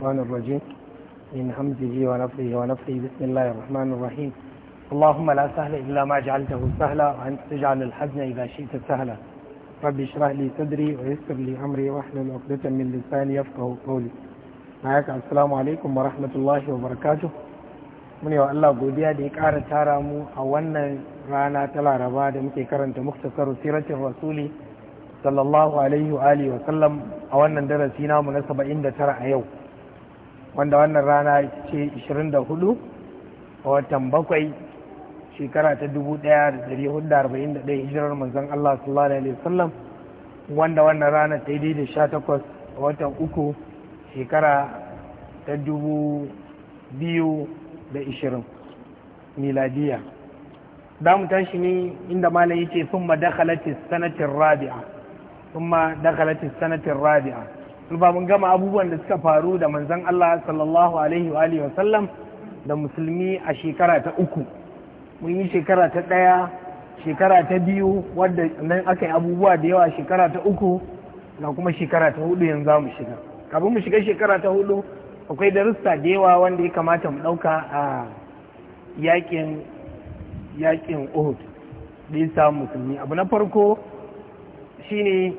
الرحمن الرجيم من همزه ونفه ونفه بسم الله الرحمن الرحيم اللهم لا سهل إلا ما جعلته سهلا وأنت تجعل الحزن إذا شئت سهلا رب اشرح لي صدري ويسر لي أمري واحلل عقدة من لساني يفقه قولي معك السلام عليكم ورحمة الله وبركاته من يو الله godiya دي ya ƙara tara mu wannan rana ta laraba da muke karanta muktasar siratin rasuli sallallahu alaihi wa alihi wa sallam a wannan darasi namu na 79 a yau wanda wannan rana ce 24 a watan bakwai shekara ta 1441 hijirar manzon Allah sallallahu alaihi wasallam wanda wannan rana ta yi da 18 a watan uku shekara ta 2020 miladiya da mu tashi ne inda malam ce sun ma dakhalatis sanatin rabi'a sun ma dakhalatis sanatin rabi'a ba mun gama abubuwan da suka faru da manzon Allah sallallahu alaihi wa alihi da musulmi a shekara ta uku mun yi shekara ta ɗaya shekara ta biyu wadda nan aka yi abubuwa da yawa shekara ta uku na kuma shekara ta hudu yanzu za mu shiga kafin mu shiga shekara ta hudu akwai darussa da yawa wanda ya kamata mu ɗauka a yakin yakin uhud da ya samu musulmi abu na farko shine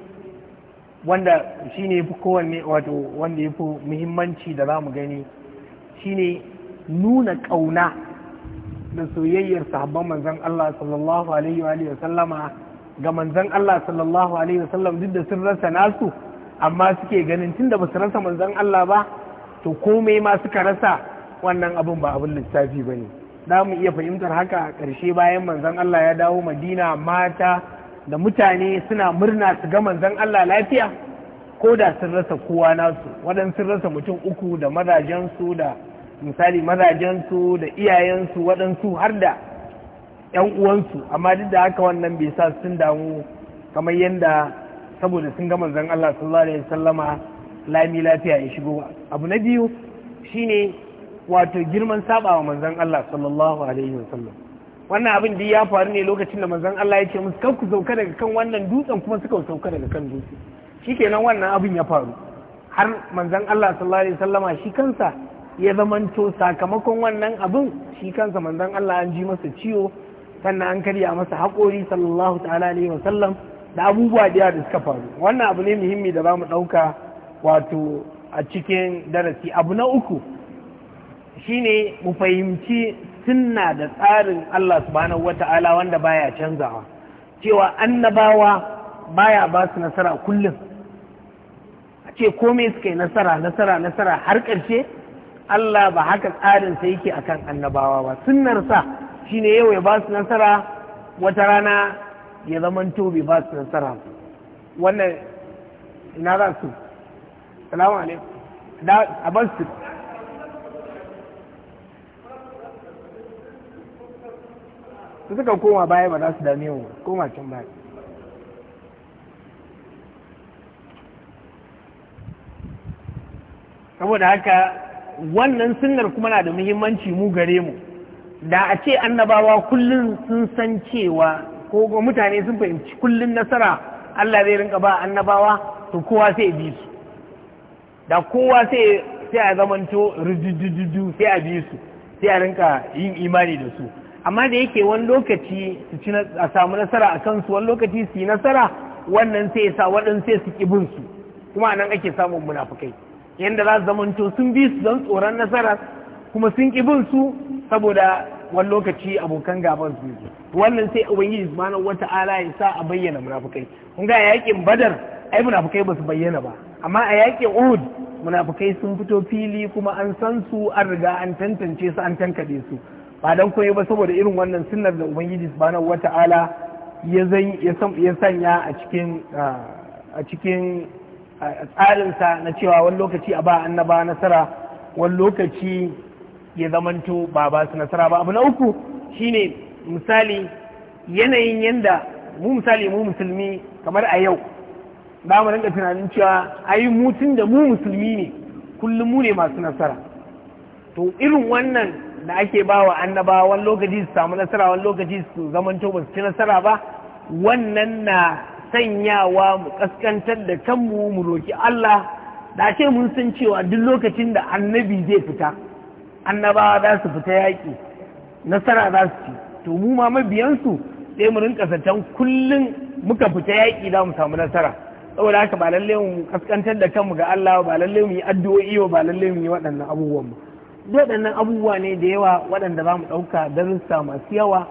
wanda shine yafi kowanne wato wanda ya fi muhimmanci da za mu gani shi ne nuna ƙauna da soyayyar sahabban manzon Allah sallallahu alaihi wa sallama ga manzan Allah sallallahu alaihi wa sallam duk da sun rasa nasu amma suke ganin tunda ba su rasa manzon Allah ba to komai ma suka rasa wannan abin ba abin lissafi ba ne za mu iya fahimtar haka a ƙarshe bayan manzon Allah ya dawo madina mata da mutane suna murna su ga manzon Allah lafiya ko da sun rasa kowa nasu waɗansu sun rasa mutum uku da mazajensu da misali mazajensu da iyayensu waɗansu har da 'yan uwansu amma duk da haka wannan bai sa sun damu kamar yadda saboda sun ga manzon Allah sallallahu alaihi sallama lami lafiya ya shigo ba abu na biyu shine wato girman saba wa manzon Allah sallallahu alaihi wasallam wannan abin da ya faru ne lokacin da manzon Allah ya ce musu kar ku sauka daga kan wannan dutsen kuma suka sauka daga kan dutse kenan wannan abin ya faru har manzon Allah sallallahu alaihi wasallama shi kansa ya zamanto sakamakon wannan abin shi kansa manzon Allah an ji masa ciwo sannan an karya masa haƙori sallallahu ta'ala alaihi wasallam da abubuwa da da suka faru wannan abu ne muhimmi da za mu ɗauka wato a cikin darasi abu na uku shine mu fahimci sunna da tsarin Allah subhanahu wata'ala wanda baya canzawa cewa annabawa baya ba su nasara kullum a ce komai suka yi nasara nasara nasara har ƙarshe Allah ba haka tsarin tsarinsa yake akan annabawa ba sa shine yau ya ba su nasara wata rana ya zamanto bai ba su nasara wannan ina za su salamu alaikum a basu su suka koma baya ba za su dame mu koma can baya saboda haka wannan sunnar kuma na da muhimmanci mu gare mu da a ce annabawa kullum sun san cewa ko mutane sun fahimci kullum nasara Allah zai rinka ba annabawa to kowa sai bi su da kowa sai a zamanto rijijijiju sai a bi su sai a rinka yin imani da su amma da yake wani lokaci a samu nasara a kansu wani lokaci su yi nasara wannan sai sa waɗansu sai su ƙi bin su kuma nan ake samun munafukai yadda za su zamanto sun bi su don tsoron nasara kuma sun ƙi bin su saboda wani lokaci abokan gaban su wannan sai ubangiji subhanahu wata'ala ya sa a bayyana munafukai kun ga yakin badar ai munafukai ba su bayyana ba amma a yakin uhud munafukai sun fito fili kuma an san su an riga an tantance su an tankade su ba dan koyi ba saboda irin wannan sunnar da ubangiji subhanahu wata'ala ya sanya a cikin a cikin tsarinsa na cewa wani lokaci a ba annaba nasara wani lokaci ya zamanto ba ba su nasara ba abu na uku shine misali yanayin yanda mu misali mu musulmi kamar a yau za mu rinka tunanin cewa ai yi mutum da mu musulmi ne kullum mu ne masu nasara to irin wannan da ake ba wa annabawa wani lokaci su samu nasara wani lokaci su zamanto ba su ci nasara ba wannan na sanyawa mu kaskantar da kanmu mu roki Allah da ce mun san cewa duk lokacin da annabi zai fita annabawa za su fita yaƙi nasara za su ci to mu ma mabiyansu sai mu rinka zaton kullum muka fita yaƙi za mu samu nasara saboda haka ba lallai mu kaskantar da kanmu ga Allah ba lallai mu yi addu'o'i ba lallai mu yi waɗannan abubuwan ba waɗannan abubuwa ne da yawa waɗanda za mu ɗauka darussa masu yawa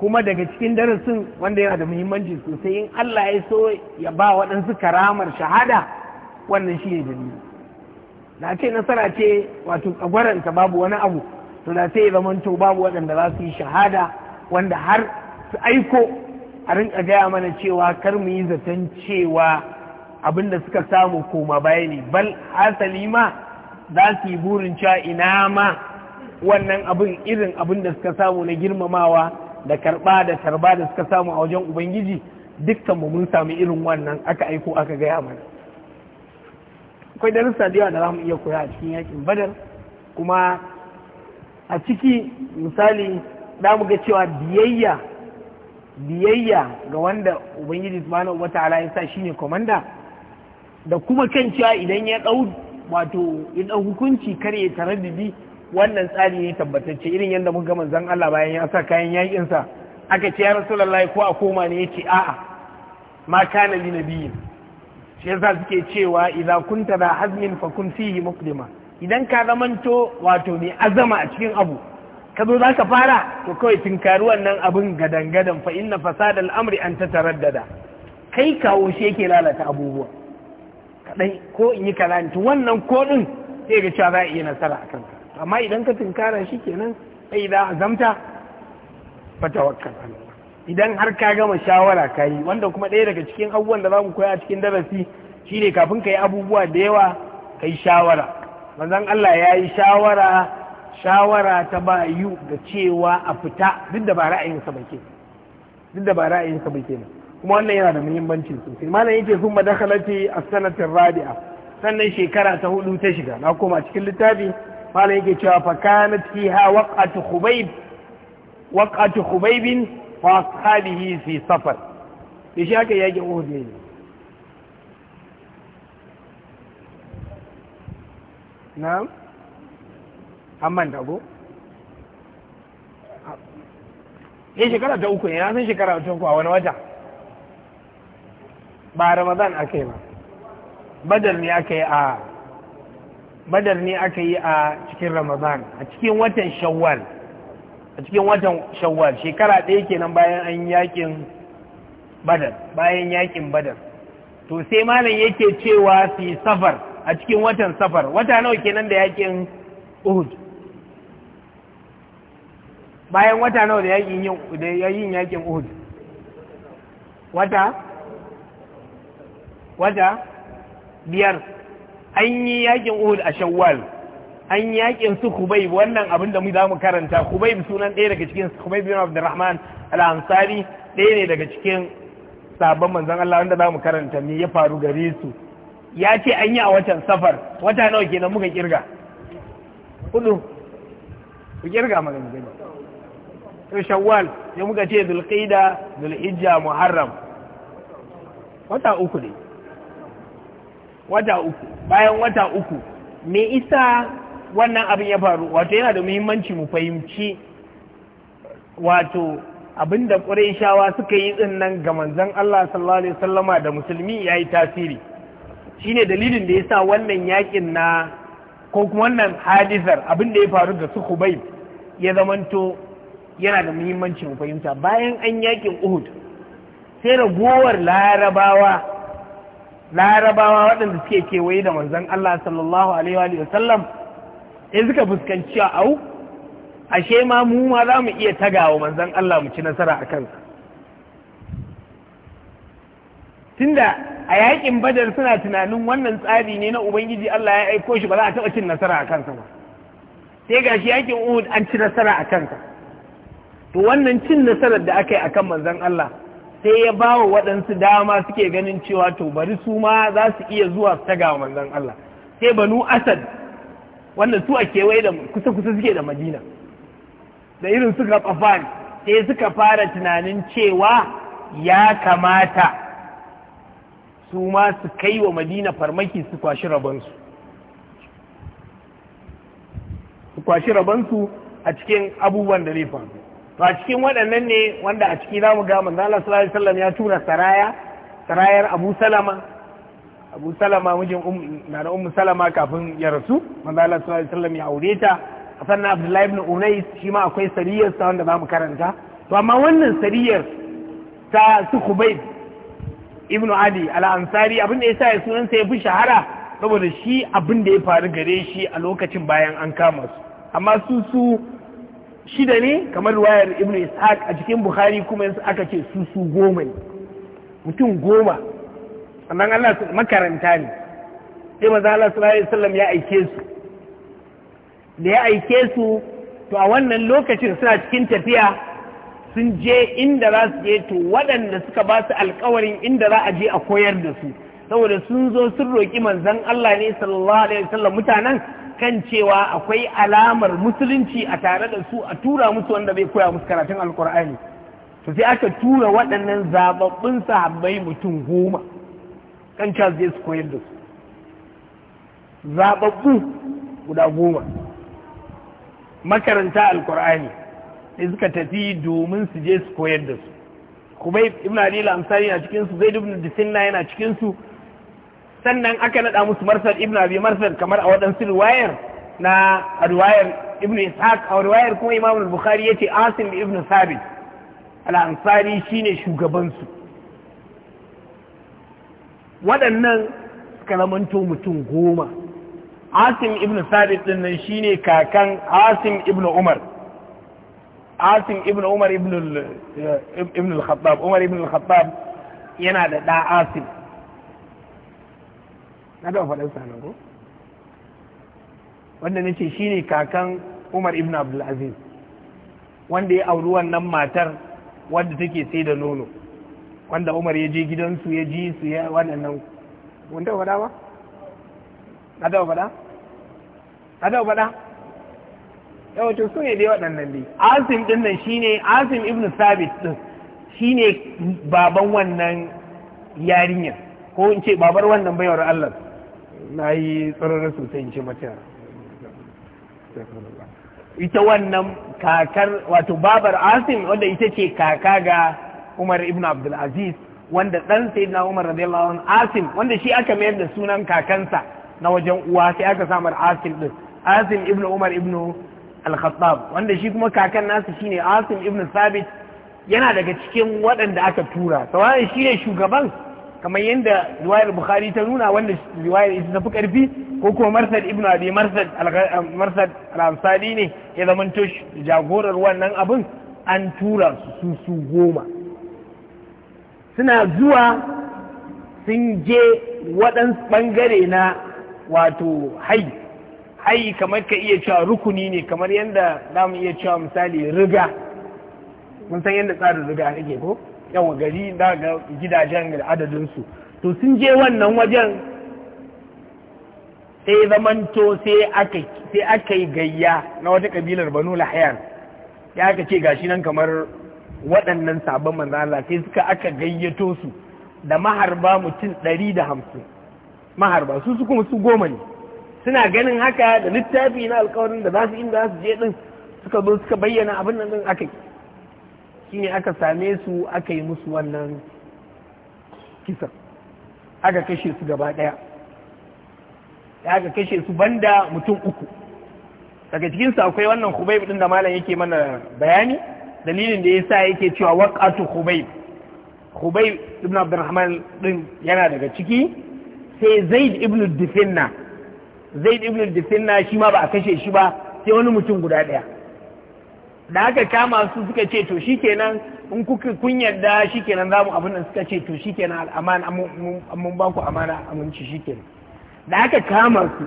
kuma daga cikin darasin wanda yana da muhimmanci sosai in Allah ya so ya ba waɗansu karamar shahada wannan shi ne dalili da ce nasara ce wato tsagwaranta babu wani abu to da sai zaman to babu waɗanda za su yi shahada wanda har su aiko a rinƙa gaya mana cewa kar mu yi zaton cewa abin da suka samu koma baya ne bal hasali ma za su yi burin cewa ina ma wannan abin irin abin da suka samu na girmamawa da karba da tarba da suka samu a wajen ubangiji dukkan mu mun samu irin wannan aka aiko aka gaya mana akwai darussa da yawa da za mu iya koya a cikin yakin badar kuma a ciki misali za mu ga cewa biyayya biyayya ga wanda ubangiji subhanahu wataala ya sa shine komanda da kuma kan cewa idan ya dau wato ya ɗau hukunci kar ya wannan tsari ne tabbatacce irin yadda muka zan Allah bayan ya sa kayan yaƙinsa aka ce ya rasulullahi ko a koma ne ya ce a'a ma kana li nabiyyin shi yasa suke cewa idza kunta da hazmin fa kun fihi muqdima idan ka zamanto wato mai azama a cikin abu ka zo zaka fara to kawai tinkari wannan abin gadan gadan fa inna fasadal amri an da kai kawo shi yake lalata abubuwa kaɗai ko in yi kaza wannan koɗin sai ga cewa za a iya nasara a kanka amma idan ka tunkara shi kenan sai za a zamta fatawakkal idan har ka gama shawara ka yi wanda kuma ɗaya daga cikin abubuwan da za mu koya cikin darasi shine kafin ka yi abubuwa da yawa ka yi shawara manzon Allah ya yi shawara shawara ta bayu da cewa a fita duk da ba ra'ayinsa ba ke duk da ba ra'ayinsa ba kenan kuma wannan yana da muhimmanci sosai malam yake sun madakalati a sanatar rabi'a sannan shekara ta hudu ta shiga na koma cikin littafi malam yake cewa fa kanat fiha waqatu khubayb waqatu khubayb fa ashabihi fi safar da shi aka yake uhud ne na'am amman dago eh shekara ta uku ne na san shekara ta uku a wani wata ba ramadan aka yi ba badar ne aka yi a badar ne aka yi a cikin ramadan a cikin watan shawwal a cikin watan shawwal shekara ɗaya kenan bayan an yakin badar bayan yakin badar to sai malam yake cewa su safar a cikin watan safar wata nawa kenan da yakin uhud bayan wata nawa da yakin yin yakin uhud wata wata biyar an yi yakin uhud a shawwal an yakin su kubaib wannan abin da mu za mu karanta kubaib sunan ɗaya daga cikin kubaib bin abdurrahman al-ansari ɗaya ne daga cikin sabon manzon Allah wanda za mu karanta me ya faru gare su ya ce an yi a watan safar wata nawa kenan muka kirga hudu ku kirga magani gani to shawwal ya muka ce zulqaida zulhijja muharram wata uku ne wata uku bayan wata uku me isa wannan abin ya faru wato yana da muhimmanci mu fahimci wato abin da ƙurayshawa suka yi din nan ga manzon Allah sallallahu alaihi wasallama da musulmi yayi tasiri shine dalilin da ya sa wannan yakin na ko kuma wannan hadisar abin da ya faru da su Khubayb ya zamanto yana da muhimmanci mu fahimta bayan an yakin Uhud sai ragowar larabawa larabawa waɗanda suke kewaye da manzon Allah sallallahu alaihi wa sallam in suka fuskanci au ashe ma mu ma za mu iya tagawa manzon Allah mu ci nasara a kansa tunda a yakin badar suna tunanin wannan tsari ne na ubangiji Allah ya aiko shi ba za a taɓa cin nasara a kansa ba sai gashi yakin Uhud an ci nasara a kansa to wannan cin nasarar da aka yi akan manzon Allah sai ya ba wa waɗansu dama suke ganin cewa to bari su ma za su iya zuwa su taga manzon Allah sai banu asad wanda su a kewaye da kusa kusa suke da madina da irin suka kafan sai suka fara tunanin cewa ya kamata su ma su kai wa madina farmaki su kwashi rabansu su kwashi rabansu a cikin abubuwan da zai faru to a cikin waɗannan ne wanda a ciki za mu ga manzo Allah sallallahu alaihi wasallam ya tura saraya sarayar Abu Salama Abu Salama mijin na da Ummu Salama kafin ya rasu manzo Allah sallallahu alaihi wasallam ya aure ta sannan Abdullahi ibn Unais shi ma akwai sariyar sa wanda za mu karanta to amma wannan sariyar ta su Khubayb ibn Ali al-Ansari abin da yasa ya sunan sa ya fi shahara saboda shi abin da ya faru gare shi a lokacin bayan an kama su amma su su shida ne kamar wayar ibn ishaq a cikin bukhari kuma yanzu aka ce su su goma ne mutum goma sannan Allah makaranta ne sai manzo Allah sallallahu alaihi wasallam ya aike su da ya aike su to a wannan lokacin suna cikin tafiya sun je inda za su je to waɗanda suka ba su alkawarin inda za a je a koyar da su saboda sun zo sun roƙi manzon Allah ne sallallahu alaihi wasallam mutanen kan cewa akwai alamar musulunci a tare da su a tura musu wanda bai koya musu karatun alkur'ani to sai aka tura waɗannan zababbin sahabbai mutum goma kan cewa zai su koyar da su zababbu guda goma makaranta alkur'ani sai suka tafi domin su je su koyar da su kuma ibn ali al-ansari na cikin su zaid ibn disinna yana cikin su sannan aka naɗa musu marsal ibn abi marsal kamar a waɗansu riwayar na riwayar ibn ishaq a riwayar kuma imam al-bukhari yace asim ibn sabit al-ansari shine shugaban su waɗannan suka zamanto mutum goma asim ibn sabit din nan shine kakan asim ibn umar asim ibn umar ibn al-khattab umar ibn al-khattab yana da da asim na da faɗin nan ko wanda nace shine kakan Umar ibn Abdul Aziz wanda ya auri wannan matar wanda take sai da nono wanda Umar ya je gidansu ya ji su ya wannan wanda faɗa ba na da faɗa na da faɗa yawancin su ne dai waɗannan dai asim ɗin nan shine asim ibn sabit ɗin shine baban wannan yarinyar ko in ce babar wannan baiwar allah na yi tsararra sosai in ce mata ita wannan kakar wato babar asim wanda ita ce kaka ga umar ibn abdulaziz wanda ɗan sai na umar radiyallahu anhu asim wanda shi aka mayar da sunan kakansa na wajen uwa sai aka samar asim din asim ibn umar ibn al-khattab wanda shi kuma kakan nasu shine asim ibn sabit yana daga cikin waɗanda aka tura sawa shi ne shugaban kamar yadda riwayar bukhari ta nuna wanda riwayar ita tafi karfi ko kuma marsad ibn abi marsad marsad al ne ya zama zamanto jagorar wannan abin an tura su su goma suna zuwa sun je waɗansu ɓangare na wato hai hai kamar ka iya cewa rukuni ne kamar yadda za mu iya cewa misali riga mun san yadda tsarin riga ake ko yawa gari da ga gidajen da adadinsu to sun je wannan wajen sai zamanto sai aka yi gayya na wata kabilar banu lahayan ya aka ce gashi nan kamar waɗannan sabon manzala sai suka aka gayyato su da maharba mutum ɗari da hamsin maharba su su kuma su goma ne suna ganin haka da littafi na alkawarin da za su inda za su je ɗin suka zo suka bayyana abin nan ɗin aka yi ne aka same su aka yi musu wannan kisa aka kashe su gaba ɗaya da aka kashe su banda mutum uku daga cikinsu akwai wannan hubaib ɗin da malam yake mana bayani dalilin da ya sa yake cewa waƙatu hubaib hubaib ibn abdurrahman ɗin yana daga ciki sai zaid ibn difinna zaid ibn difinna shi ma ba a kashe shi ba sai wani mutum guda ɗaya da aka kama su suka ce to shikenan in kuka kun yarda shikenan za mu abin da suka ce to shikenan al'amana mun ba ku amana aminci shikenan da aka kama su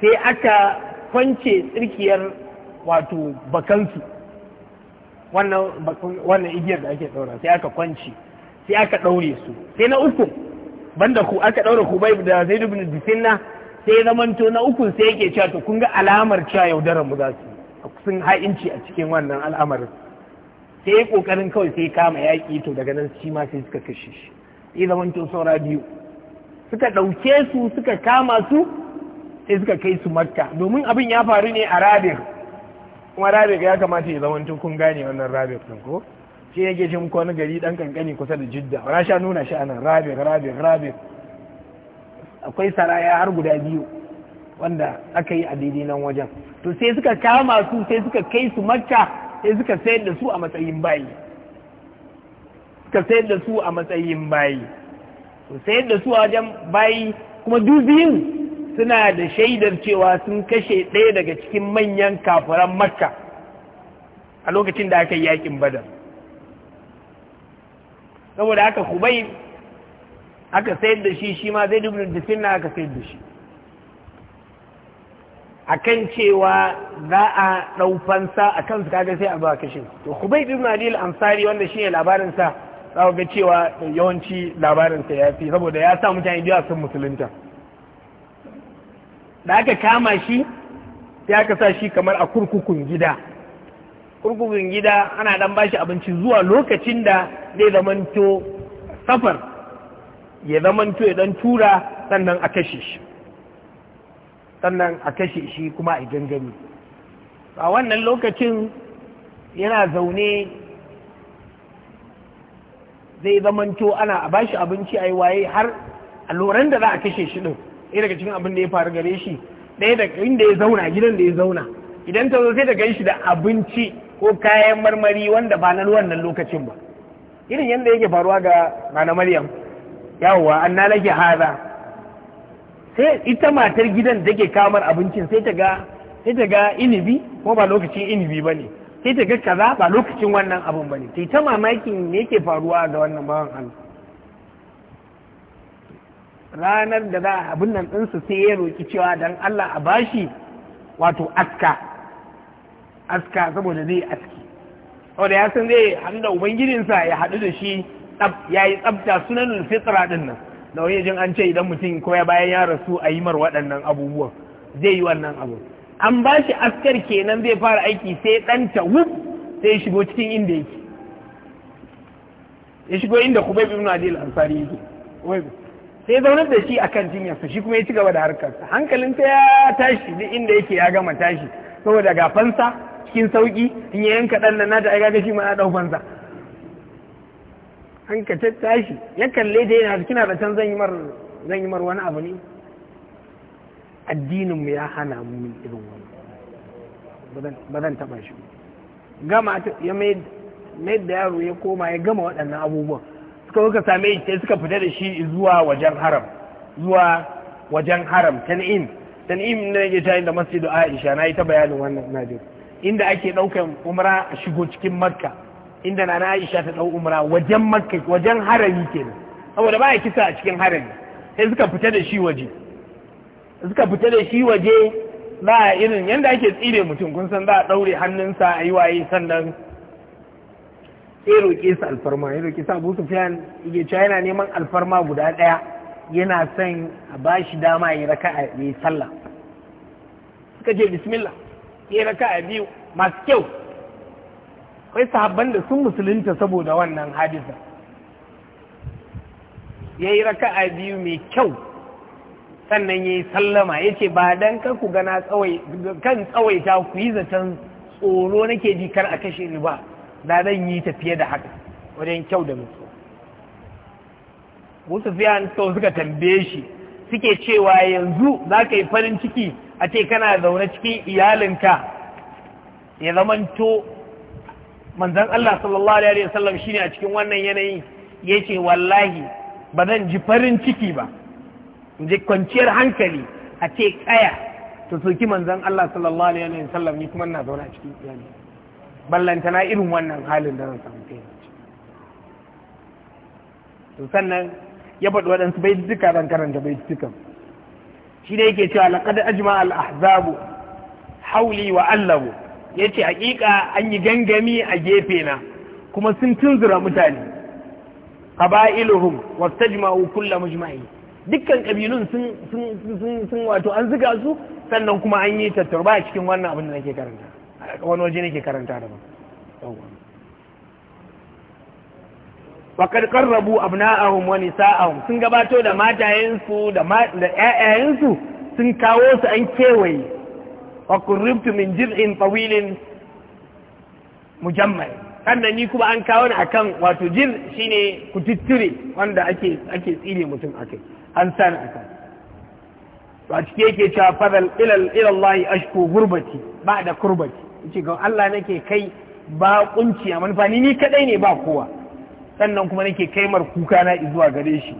sai aka kwance tsirkiyar wato bakansu wannan igiyar da ake ɗaura sai aka kwance sai aka ɗaure su sai na uku banda ku aka ɗaura ku bai da zai dubin disinna sai zamanto na uku sai yake cewa to kun ga alamar cewa yaudarar mu za su sun ha'inci a cikin wannan al'amarin sai kokarin kawai sai kama yaƙi to daga nan shi ma sai suka kashe shi sai to saura biyu suka ɗauke su suka kama su sai suka kai su makka domin abin ya faru ne a rabir kuma rabir ya kamata ya zamanto kun gane wannan rabir ɗin ko shi shi muku wani gari ɗan kankani kusa da jidda na sha nuna shi a nan rabir rabir rabir akwai saraya har guda biyu wanda aka yi a daidai nan wajen to sai suka kama su sai suka kai su makka sai suka sayar da su a matsayin bayi suka sayar da su a matsayin bayi to sayar da su a wajen bayi kuma dubiyin suna da shaidar cewa sun kashe ɗaya daga cikin manyan kafiran makka a lokacin da aka yi yakin badar saboda haka kubai aka sayar da shi shi ma zai dubin da aka sayar da shi akan cewa za a ɗaufansa a kansu kaga sai a ba kashe to bai bi adil amsari wanda shine ne labarinsa za ga cewa yawanci labarinsa ya fi saboda ya sa mutane biya sun musulunta da aka kama shi ya ka sa shi kamar a kurkukun gida kurkukun gida ana dan bashi abinci zuwa lokacin da zai zamanto safar ya zamanto ya dan tura sannan a kashe shi sannan a kashe shi kuma a gangami a wannan lokacin yana zaune zai zamanto ana a bashi abinci a yi waye har a loran da za a kashe shi ɗin ɗaya daga cikin abin da ya faru gare shi ɗaya daga inda ya zauna gidan da ya zauna idan ta zo sai ta ganshi da abinci ko kayan marmari wanda ba na wannan lokacin ba irin yadda yake faruwa ga Nana Maryam yawwa an na lake haza sai ita matar gidan da ke kamar abincin sai ta ga inibi ko ba lokacin inibi ba ne sai ta ga kaza ba lokacin wannan abin ba ne sai ta mamakin me yake faruwa ga wannan bawan Allah ranar da za a abin nan ɗinsu sai ya roƙi cewa don Allah a bashi wato aska aska saboda zai aski saboda ya san zai hannu da ubangijinsa ya haɗu da shi ya yi tsabta sunan fitra ɗin nan na wani jin an ce idan mutum koya bayan ya rasu a yi mar waɗannan abubuwan zai yi wannan abu an ba shi askar kenan zai fara aiki sai ta wuf sai ya shigo cikin inda yake ya shigo inda bai ibn adil ansari yake sai zaunar da shi akan su shi kuma ya ci gaba da harkarsa hankalin hankalinsa ya tashi duk inda yake ya gama tashi saboda ga fansa cikin sauki in ya yanka ɗan nan ta ai gaga shi ma na ɗau fansa an ka tashi ya kalle da yana kina da can zan yi mar wani abu ne addinin mu ya hana mu irin wani ba zan taba shi gama ya mai da yaro ya koma ya gama waɗannan abubuwan suka suka same shi sai suka fita da shi zuwa wajen haram zuwa wajen haram tan'im tan'im ne yake tayin da masjidu Aisha na yi ta bayanin wannan najin inda ake ɗaukan umra a shigo cikin Makka inda na Aisha ta dau umra wajen Makka wajen harami kenan saboda baya kisa a cikin harami sai suka fita da shi waje suka fita da shi waje za a irin yanda ake tsire mutum kun san za a daure hannunsa a yi waye sannan sai roƙe su alfarma ya roƙe sa busu fiyan yake cewa yana neman alfarma guda ɗaya yana son a ba shi dama ya raka a yi sallah suka ce bismillah ya raka a biyu masu kyau akwai sahabban da sun musulunta saboda wannan hadisin ya yi raka'a biyu mai kyau sannan ya yi sallama ya ce ba don ku gana kan tsawaita ku yi zaton tsoro nake ji kar a kashe ni ba da zan yi tafiye da haka wajen kyau da mutu musu fiyan sau suka tambaye shi suke cewa yanzu za ka yi farin ciki a ce kana zaune cikin iyalinka ya zamanto Manzan Allah sallallahu alaihi wasallam shine a cikin wannan yanayi ce wallahi ba zan ji farin ciki ba in ji kwanciyar hankali a ce kaya ta soki manzon Allah sallallahu alaihi wasallam ni kuma ina zaune a cikin iyali ballanta na irin wannan halin da zan samu kai to sannan ya faɗi waɗansu bai duka zan karanta bai duka shi da yake cewa laqad ajma al ahzabu hawli wa allabu ya ce hakika an yi gangami a gefe na kuma sun tunzura mutane qaba'iluhum wastajma'u kullu jima'u dukkan kabilun sun ƙabilun sun wato an zuga su sannan kuma an yi tattarba a cikin wannan abin da nake karanta wani waje nake karanta da ba wa rabu abu abna'ahum wa nisa'ahum sun gabato da matayensu da da ƴaƴayensu sun kawo su an kewaye wa kurribtu min jiz'in tawilin mujammal sannan ni kuma an kawo ni akan wato jiz shine kututture wanda ake ake tsire mutum akai an sani akan to a cike yake cewa fadal ilal ilallahi ashku gurbati ba da kurbati yace ga Allah nake kai ba kunci a manufa ni ni kadai ne ba kowa sannan kuma nake kaimar kuka na zuwa gare shi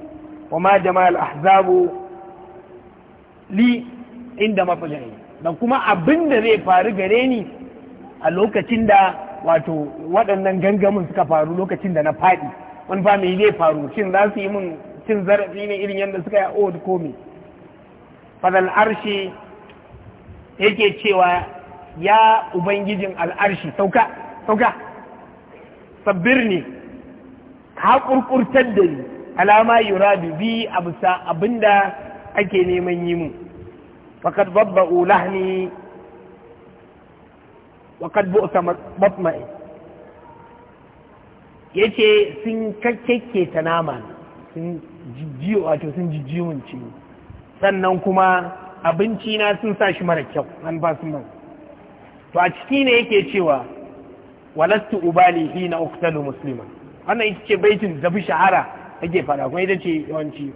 wa ma jama'al ahzabu li inda mafajai da kuma abin da zai faru gare ni a lokacin da wato waɗannan gangamin suka faru lokacin da na faɗi wani ba mai zai faru shin za su yi min cin zarafi ne irin yadda suka yi old komi fadal arshi yake cewa ya ubangijin al'arshi sauka sauka sabbir ne ka kurkurtar da ni alama yurabi bi abusa abinda ake neman yi mu faqad babba'u lahni wa qad bu'ta yace sun kakkeke ta nama sun jijjiyo to sun jijjiyo mun ciwo sannan kuma abinci na sun sa shi mara kyau an ba su man to a ciki ne yake cewa walastu ubali na uqtalu musliman wannan ita ce baitin da bi shahara ake fada kuma ita ce yawanci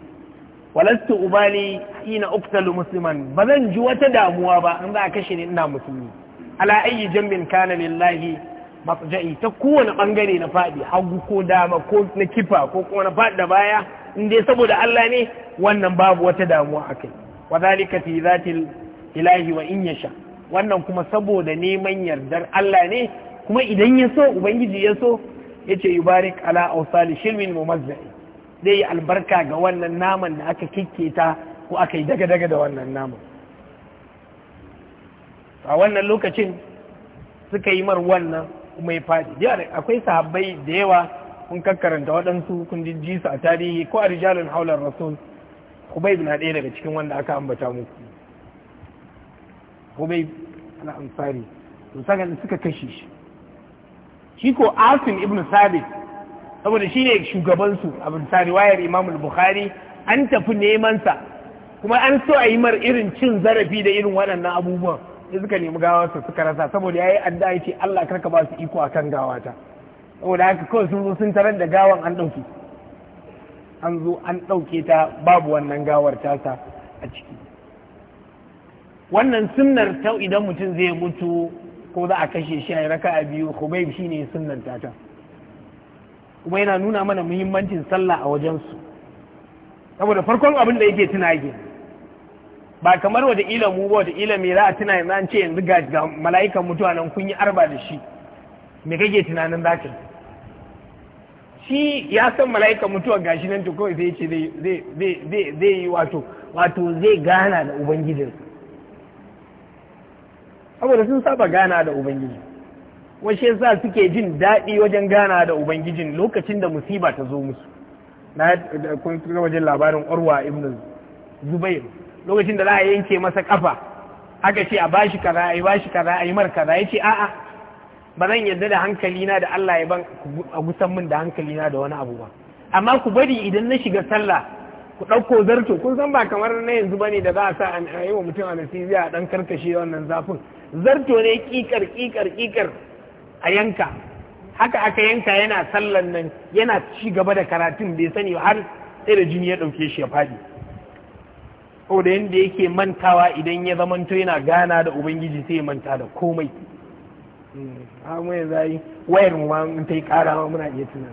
walastu ubali ina uktalu musliman ba zan ji wata damuwa ba in za a kashe ni ina musulmi ala ayi jambin kana lillahi mafja'i ta kowane bangare na fadi hagu ko dama ko na kifa ko kuma na fadi da baya in dai saboda Allah ne wannan babu wata damuwa a wa zalika fi zatil ilahi wa in yasha wannan kuma saboda neman yardar Allah ne kuma idan ya so ubangiji ya so yace yubarik ala awsali shilmin mumazzai zai yi albarka ga wannan naman da aka ta ko aka yi daga-daga da wannan naman a wannan lokacin suka yi mar wannan kuma ya faɗi akwai sahabbai da yawa kun kakkaranta waɗansu kun jijji su a tarihi ko a rijalin haular rasul bai na ɗaya daga cikin wanda aka ambata muku bai ana amsari to saka suka kashe shi shi ko asim ibn sabit saboda shi ne shugabansu a bisa riwayar al bukhari an tafi neman sa, kuma an so a yi mar irin cin zarafi da irin waɗannan abubuwan da suka nemi gawarsa suka rasa saboda ya yi addu'a ya ce Allah karka ba su iko akan gawata saboda haka kawai sun zo sun tarar da gawan an ɗauke an zo an ɗauke ta babu wannan gawar ta sa a ciki wannan sunnar ta idan mutum zai mutu ko za a kashe shi a raka a biyu khubayb shine sunnar ta. kuma yana nuna mana muhimmancin sallah a wajensu saboda farkon abin da yake tuna ba kamar wata ila mu ba wata ila mai za a tuna yanzu an ce yanzu ga mala'ikan mutuwa nan kun yi arba da shi me kake tunanin za ka shi ya san mala'ikan mutuwa gashi nan to kawai zai ce zai yi wato wato zai gana da ubangijin saboda sun saba gana da ubangiji washe yasa suke jin daɗi wajen gana da ubangijin lokacin da musiba ta zo musu na kun wajen labarin urwa ibn zubair lokacin da za a yanke masa kafa aka ce a bashi kaza a yi bashi kaza a yi mar kaza ya ce a'a ba zan yarda da hankalina da Allah ya ban a gusan min da hankalina da wani abu ba amma ku bari idan na shiga sallah ku ɗauko zarto kun san ba kamar na yanzu ba ne da za a sa a yi wa mutum anesthesia a ɗan karkashe wannan zafin zarto ne ƙiƙar, ƙiƙar, ƙiƙar. a yanka haka aka yanka yana sallan nan yana ci gaba da karatun bai sani har sai da jini ya ɗauke shi ya faɗi da yadda yake mantawa idan ya zamanto yana gana da ubangiji sai ya manta da komai hmm. amma ya ai wayar mu ma in ta yi ƙara muna iya tuna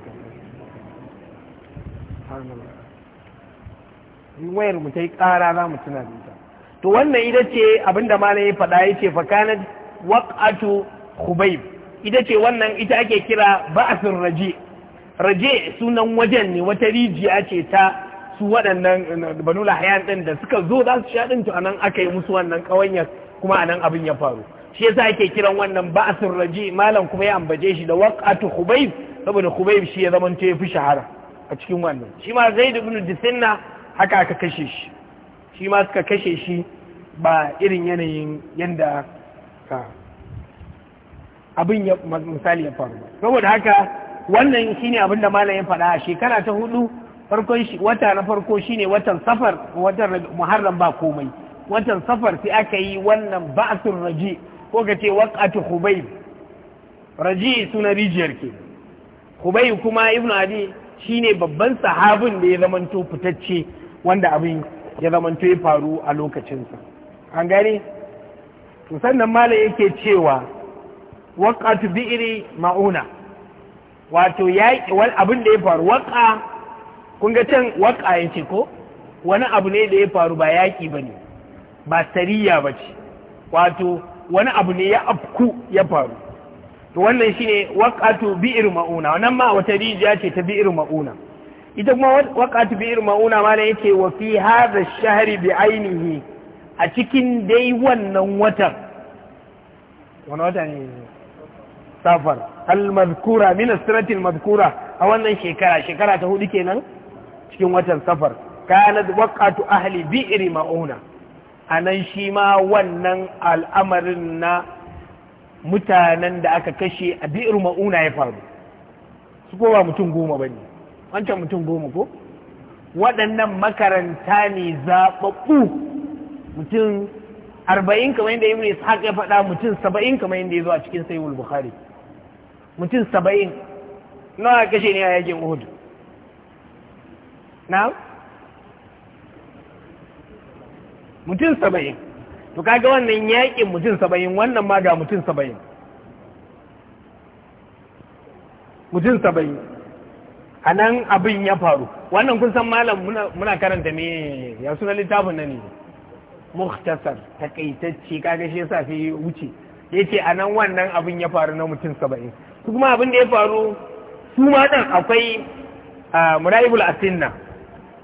in wayar mu ta yi kara za mu tuna da ita to wannan ita ce abinda ma na yi faɗa ya ce fakanar waƙatu khubayb ita ce wannan ita ake kira ba'asin raje raje sunan wajen ne wata rijiya ce ta su waɗannan eh, banu lahayan ɗin da suka zo za su sha ɗin to anan aka yi musu wannan ƙawanya kuma anan abin ya faru shi yasa ake kiran wannan ba'asin raje malam kuma ya ambace shi da waqatu khubayb saboda khubayb shi ya zama ya fi shahara a cikin wannan shi ma zaid ibn disinna haka aka kashe shi shi ma suka kashe shi ba irin yanayin yanda ka abin ya misali ya faru saboda haka wannan shine abin da malam ya faɗa a shekara ta hudu farkon shi wata na farko shine watan safar watan muharram ba komai watan safar sai aka yi wannan ba'asun raji ko ka ce waqatu hubayb raji suna rijiyar ke hubayb kuma ibnu adi shine babban sahabin da ya zamanto fitacce wanda abin ya zamanto ya faru a lokacinsa an gane to sannan malam yake cewa waqatu bi'ri ma'una wato yaƙi wani abin da ya faru waƙa kun ga can waƙa ya ce ko wani abu ne da ya faru ba yaƙi ba ne ba sariya ba ce wato wani abu ne ya afku ya faru to wannan shi ne waƙatu bi'ir ma'una wannan ma wata rijiya ce ta bi'ir ma'una ita kuma waƙatu bi'ir ma'una ma ya ce wa fi hada shahari bi ainihi a cikin dai wannan watan wani wata ne safar al maskura min Maskura a wannan shekara shekara ta hudu kenan cikin watan safar kanat waqatu ahli bi'ri mauna anan shi ma wannan al'amarin na mutanen da aka kashe a bi'ir mauna ya faru su ba mutum goma bane wancan mutum goma ko waɗannan makaranta ne zaɓaɓɓu mutum arba'in kamar yadda ibn ishaq ya faɗa mutum saba'in kamar yadda ya zo a cikin sayyid bukhari mutum saba'in nawa kashe ne a yakin uhud na mutum saba'in to kaga wannan yakin mutum saba'in wannan ma ga mutum saba'in mutum saba'in a nan abin ya faru wannan kun san malam muna karanta ne ya suna littafin nan ne muhtasar takaitacce kaga shi yasa fi wuce yace a nan wannan abin ya faru na mutum saba'in su kuma abin da ya faru su ma ɗan akwai mura'ibul asinna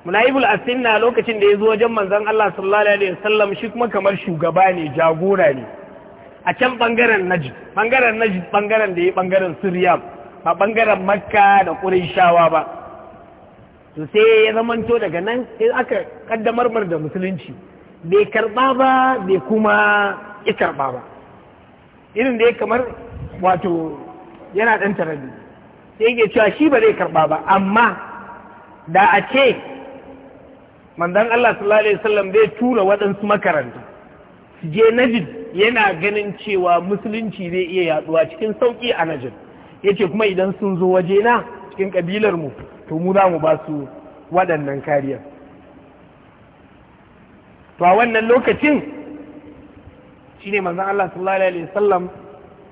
mura'ibul asinna lokacin da ya zo wajen manzan Allah sallallahu alaihi wasallam shi kuma kamar shugaba ne jagora ne a can bangaren najd bangaren najd bangaren da ya bangaren suryam ba bangaren makka da qurayshawa ba to sai ya zamanto daga nan sai aka kaddamar mar da musulunci bai karɓa ba bai kuma ya karba ba irin da ya kamar wato yana ɗan tarabi sai yake cewa shi ba zai karɓa ba amma da a ce manzon Allah sallallahu alaihi wasallam zai tura waɗansu makaranta su je yana ganin cewa musulunci zai iya yaduwa cikin sauki a Ya yace kuma idan sun zo waje na cikin kabilar mu to mu za mu ba su waɗannan kariya to a wannan lokacin Shi ne mazan Allah sallallahu alaihi wasallam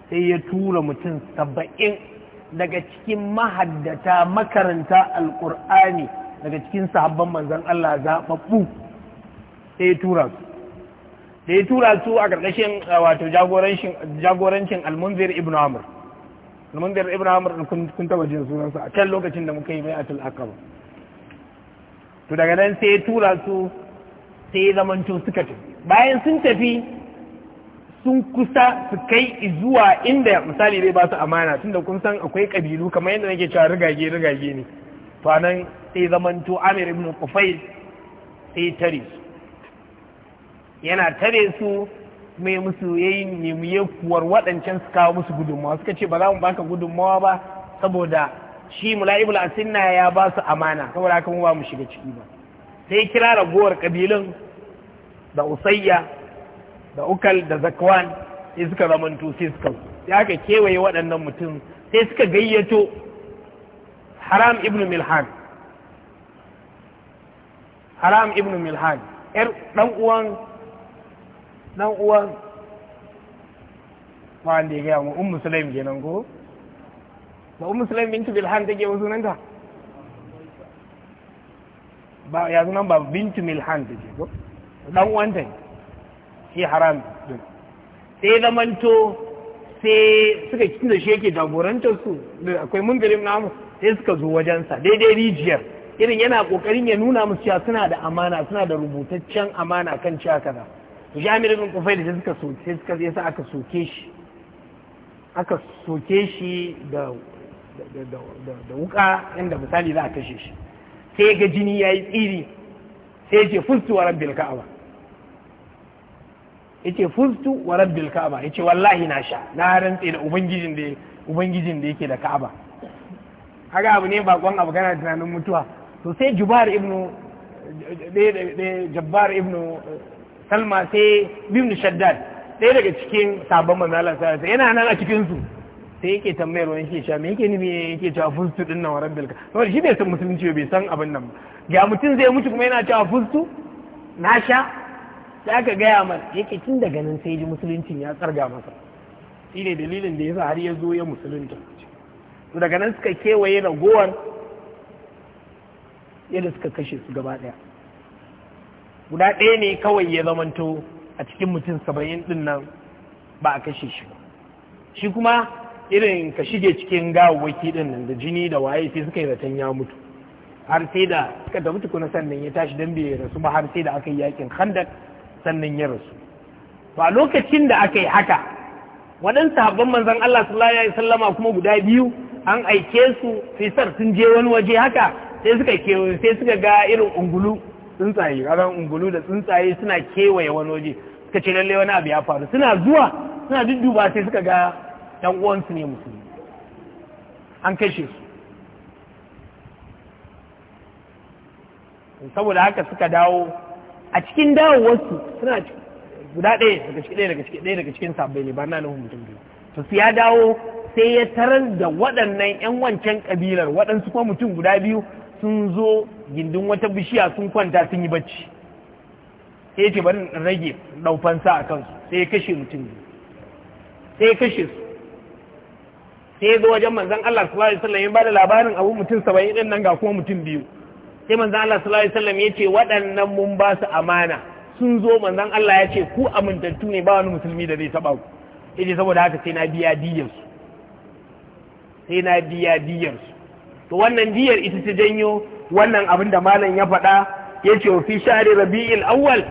sai ya tura mutum saba'in daga cikin mahaddata makaranta alkur'ani daga cikin sahabban mazan Allah zaɓaɓɓu sai ya tura su da ya tura su a ƙarƙashin wato jagorancin almunzir ibn Amur. almunzir ibn amur kun taba jin sunansa a can lokacin da muka yi mai atul akaba to daga nan sai ya tura su sai ya zamanto suka tafi bayan sun tafi sun kusa su kai zuwa inda misali zai ba su amana tunda kun san akwai kabilu kamar yadda nake cewa rigage rigage ne to anan sai zamanto Amir ibn Qufayl sai tare su yana tare su mai musu yayi nemiye kuwar waɗancan su kawo musu gudunmawa suka ce ba za mu baka gudunmawa ba saboda shi mula'ibul asinna ya ba su amana saboda haka ba mu shiga ciki ba sai kira ragowar kabilun da usayya da ukal da zakwan sai suka zamanto sai suka sai aka kewaye waɗannan mutum sai suka gayyato haram ibn milhan haram ibn milhan yar dan uwan dan uwan da ya gaya mu ummu sulaim kenan ko ba ummu sulaim bintu milhan take wasu nan ta ba ya sunan ba bintu milhan take ko dan uwan ta ne shi haram din sai zamanto sai suka cikin da shi yake jagorantar su da akwai mungarin namu sai suka zo wajensa daidai rijiyar irin yana kokarin ya nuna musu cewa suna da amana suna da rubutaccen amana kan cewa kaza to jami'ar bin kufai da suka soke sai suka yasa aka soke shi aka soke shi da da wuka inda misali za a kashe shi sai ga jini ya yi tsiri sai ce fustuwa rabbil ka'aba yace fustu wa rabbil ka'aba yace wallahi na sha na rantse da ubangijin da ubangijin da yake da ka'aba kaga abu ne ba kon abu kana tunanin mutuwa to sai jubar ibnu jabbar ibnu salma sai ibnu shaddad ɗaya daga cikin sabon manzalar sa yana nan a cikin su sai yake tambayar wani yake sha me yake nufi yake cewa fustu din nan wa rabbil ka to shi bai san musulunci bai san abin nan ga mutum zai mutu kuma yana cewa fustu na sha sai aka gaya mana yake tun daga nan sai ji musuluncin ya tsarga masa shi ne dalilin da ya sa har ya zo ya musulunta to daga nan suka kewaye ragowar yadda suka kashe su gaba daya guda ɗaya ne kawai ya zamanto a cikin mutum saba'in ɗin nan ba a kashe shi shi kuma irin ka shige cikin gawawwaki din nan da jini da waye sai suka yi zaton ya mutu har sai da suka tafi tukuna sannan ya tashi dan bai rasu ba har sai da aka yi yakin khandak sannan ya rasu ba lokacin da aka yi haka waɗansu habban manzan Allah sallallahu alaihi sallama kuma guda biyu an aike su fisar sun je wani waje haka sai suka kewaye sai suka ga irin ungulu tsuntsaye ran ungulu da tsuntsaye suna kewaye wani waje suka ce lalle wani abu ya faru suna zuwa suna dudduba sai suka ga ɗan uwansu ne musulmi an kashe su saboda haka suka dawo a cikin dawowarsu suna guda ɗaya daga cikin ɗaya daga cikin ɗaya daga cikin sabbai ne ba na nufin mutum biyu to su ya dawo sai ya tarar da waɗannan ƴan wancan ƙabilar waɗansu kuma mutum guda biyu sun zo gindin wata bishiya sun kwanta sun yi bacci sai ya ce bari in rage sa a kansu sai ya kashe mutum biyu sai ya kashe su sai ya zo wajen manzon Allah sallallahu alaihi wasallam ya ba da labarin abu mutum saba'in ɗin nan ga kuma mutum biyu sai manzan Allah sallallahu alaihi wasallam yace waɗannan mun ba su amana sun zo manzan Allah ya ce ku amintattu ne ba wani musulmi da zai taba ku yace saboda haka sai na biya diyar su sai na biya diyar su to wannan diyar ita ta janyo wannan abin da malam ya faɗa yace wa fi share rabi'il awwal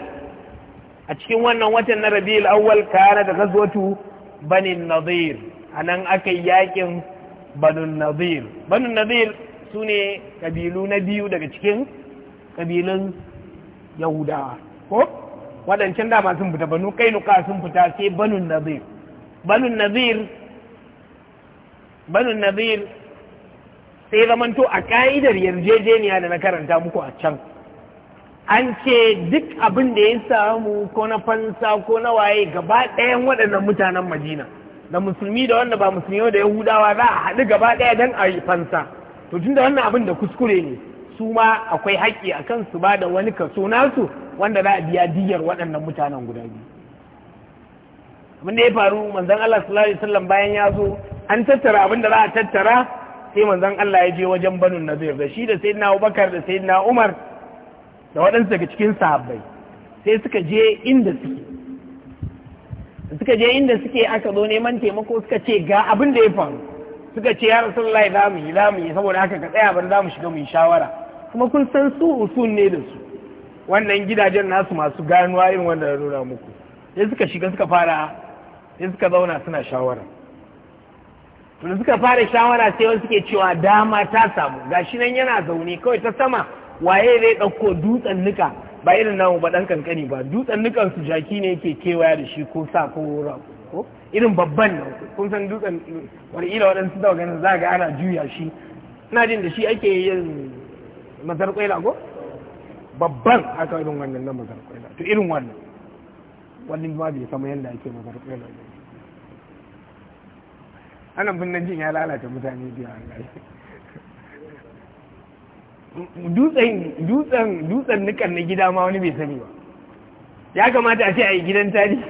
a cikin wannan watan na rabi'il awwal kana da gazwatu banin nadir anan akai yakin banun nadir banun nadir su ne ƙabilu na biyu daga cikin ƙabilun yahudawa ko waɗancan dama sun fita banu nuka sun fita sai banun nazir banun nazir banun nazir sai zamanto a ƙa'idar yarjejeniya da na karanta muku a can an ce duk abin da ya samu ko na fansa ko na waye gaba ɗayan waɗannan mutanen madina da musulmi da wanda ba musulmi da yahudawa za a haɗu gaba ɗaya don a yi fansa to tunda wannan abin da kuskure ne su ma akwai haƙƙi a kan su ba da wani kaso nasu wanda za a biya diyar waɗannan mutanen guda biyu abin da ya faru manzon Allah sallallahu alaihi wasallam bayan ya zo an tattara abin da za a tattara sai manzon Allah ya je wajen Banu Nazir da shi da Sayyidina Abubakar da Sayyidina Umar da waɗansu daga cikin sahabbai sai suka je inda suke suka je inda suke aka zo neman taimako suka ce ga abin da ya faru suka ce ya rasulullahi za mu yi za mu yi saboda haka ka tsaya ban za mu shiga mu yi shawara kuma kun san su usul ne da su wannan gidajen nasu masu ganuwa irin wanda na nuna muku sai suka shiga suka fara sai suka zauna suna shawara tun suka fara shawara sai wasu suke cewa dama ta samu gashi nan yana zaune kawai ta sama waye zai ɗauko dutsen nuka ba irin namu ba ɗan kankani ba dutsen nukan su jaki ne yake kewaya da shi ko sa ko rago irin babban nan kun san dutsen wani waɗansu da ganin za ga ana juya shi ina jin da shi ake yin mazar kwaila ko babban haka irin wannan na mazar kwaila to irin wannan wannan ma bai sama yadda ake mazar kwaila ne ana binnan jin ya lalata mutane da yawa dutsen dutsen dutsen nukan na gida ma wani bai sani ba ya kamata a ce a yi gidan tarihi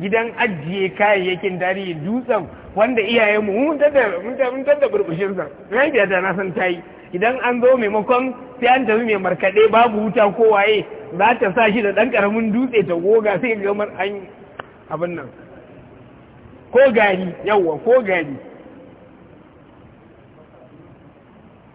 gidan ajiye kayayyakin tarihi dutsen wanda iyaye mu mun tada burbushin sa ran da ta na san tayi idan an zo maimakon sai an tafi mai markade babu wuta ko waye za ta sa shi da dan karamin dutse ta goga sai ga mar an abin nan ko gari yawwa ko gari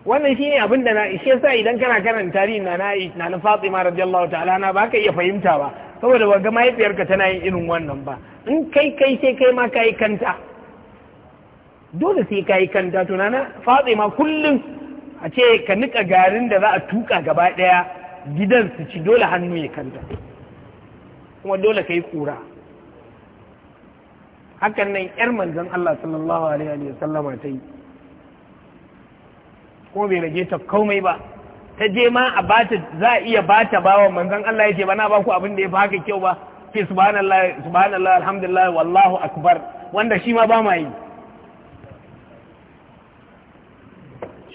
wannan shi ne abin da na ishe sa idan kana karanta tarihi na na na Fatima radiyallahu ta'ala na ba ka iya fahimta ba saboda ba ga mahaifiyarka tana yin irin wannan ba in kai kai sai kai ma kayi kanta dole sai kayi kanta tunana fatse ma kullum a ce ka nika garin da za a tuka gaba daya gidan su ci dole hannu ya kanta kuma dole kai kura hakan nan yar manzon Allah sallallahu alaihi wa ta yi kuma bai rage ta komai ba ta je ma a bata za a iya bata bawa manzan Allah ya ce ba na ba ku abin da ya fi haka kyau ba ke subhanallah subhanallah alhamdulillah wallahu akbar wanda shi ma ba ma yi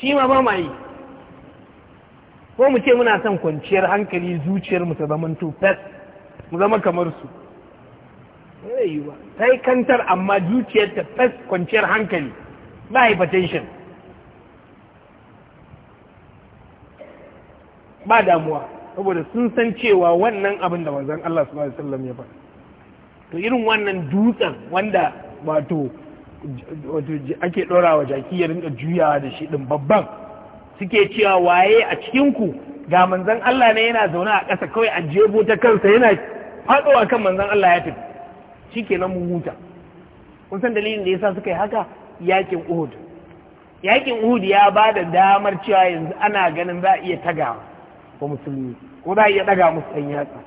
shi ma ba ma yi ko mu ce muna son kwanciyar hankali zuciyar mu ta zaman tufes mu zama kamar su sai kantar amma zuciyar ta fes kwanciyar hankali ba hypertension ba damuwa saboda sun san cewa wannan abin da wanzan Allah su alaihi sallam ya faɗa to irin wannan dutsen wanda wato wato ake ɗora wa jaki ya rinka juyawa da shi ɗin babban suke cewa waye a cikinku ga manzan Allah ne yana zaune a ƙasa kawai a jebo ta kansa yana faɗowa kan manzan Allah ya tafi shi ke nan huta kun san dalilin da ya sa suka yi haka yakin Uhud yakin Uhud ya ba da damar cewa yanzu ana ganin za a iya tagawa ko musulmi ko za a iya ɗaga musu ɗan yatsa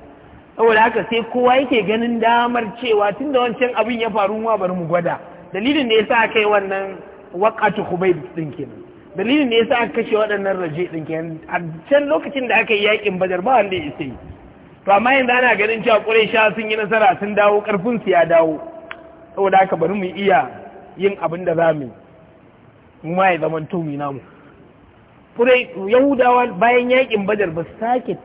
saboda haka sai kowa yake ganin damar cewa tun da wancan abin ya faru ma bari mu gwada dalilin da yasa aka yi wannan waqatu khubayb ɗin kenan dalilin da yasa aka kashe waɗannan raje ɗin kenan a can lokacin da aka yi yaƙin badar ba wanda ya isa yi to amma yanzu ana ganin cewa sha sun yi nasara sun dawo ƙarfin su ya dawo saboda haka bari mu iya yin abin da za mu yi mu ma ya zamanto mu namu kurai yahudawa bayan yakin badar ba sake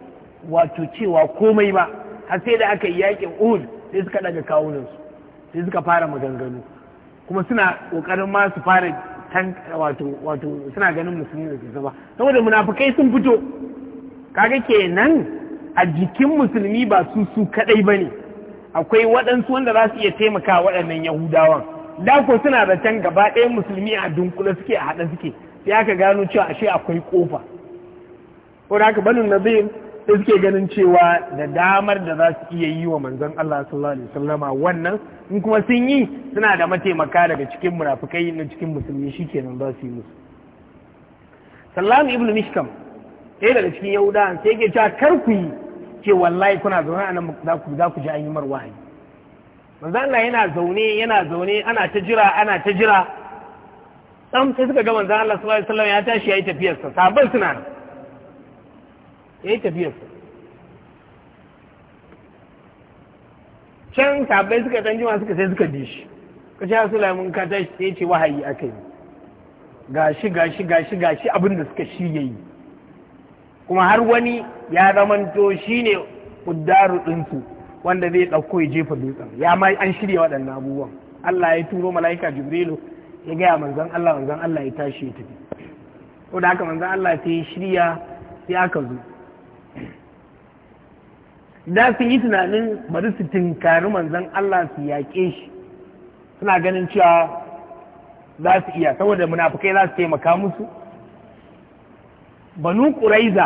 wato cewa komai ba har sai da aka yi yakin uhud sai suka daga su, sai suka fara maganganu kuma suna kokarin ma su fara wato wato suna ganin musulmi da su ba saboda munafukai sun fito kaga kenan a jikin musulmi ba su su kadai bane akwai waɗansu wanda za su iya taimaka waɗannan yahudawan da ko suna da can gaba ɗaya musulmi a dunkule suke a haɗa suke sai aka gano cewa ashe akwai kofa ko da haka banu nazir sai suke ganin cewa da damar da za su iya yi wa manzon Allah sallallahu alaihi wasallama wannan in kuma sun yi suna da mataimaka daga cikin murafikai na cikin musulmi shikenan za su yi musu sallam ibnu mishkam ɗaya daga cikin yahudawan sai yake cewa kar ku yi ce wallahi kuna zaune a nan za ku ji an yi mar wahayi Allah yana zaune yana zaune ana ta jira ana ta jira ɗan sai suka ga zan Allah sallallahu alaihi wasallam ya tashi yayi tafiyarsa sabon suna nan yayi tafiyarsa can sabai suka dan jima suka sai suka bi shi ka ce Rasulullahi mun ka tashi sai ce wahayi akai gashi gashi gashi gashi abin da suka shige yi kuma har wani ya zamanto shine uddaru ɗinsu wanda zai dauko ya jefa dutsen ya mai an shirya waɗannan abubuwan Allah ya turo mala'ika Jibrilu ya gaya manzan Allah manzan Allah ya tashi ya tafi ko da haka manzan Allah ta yi shirya sai aka zo da sun yi tunanin bari su tinkari manzan Allah su yaƙe shi suna ganin cewa za su iya saboda munafukai za su taimaka musu banu ƙuraiza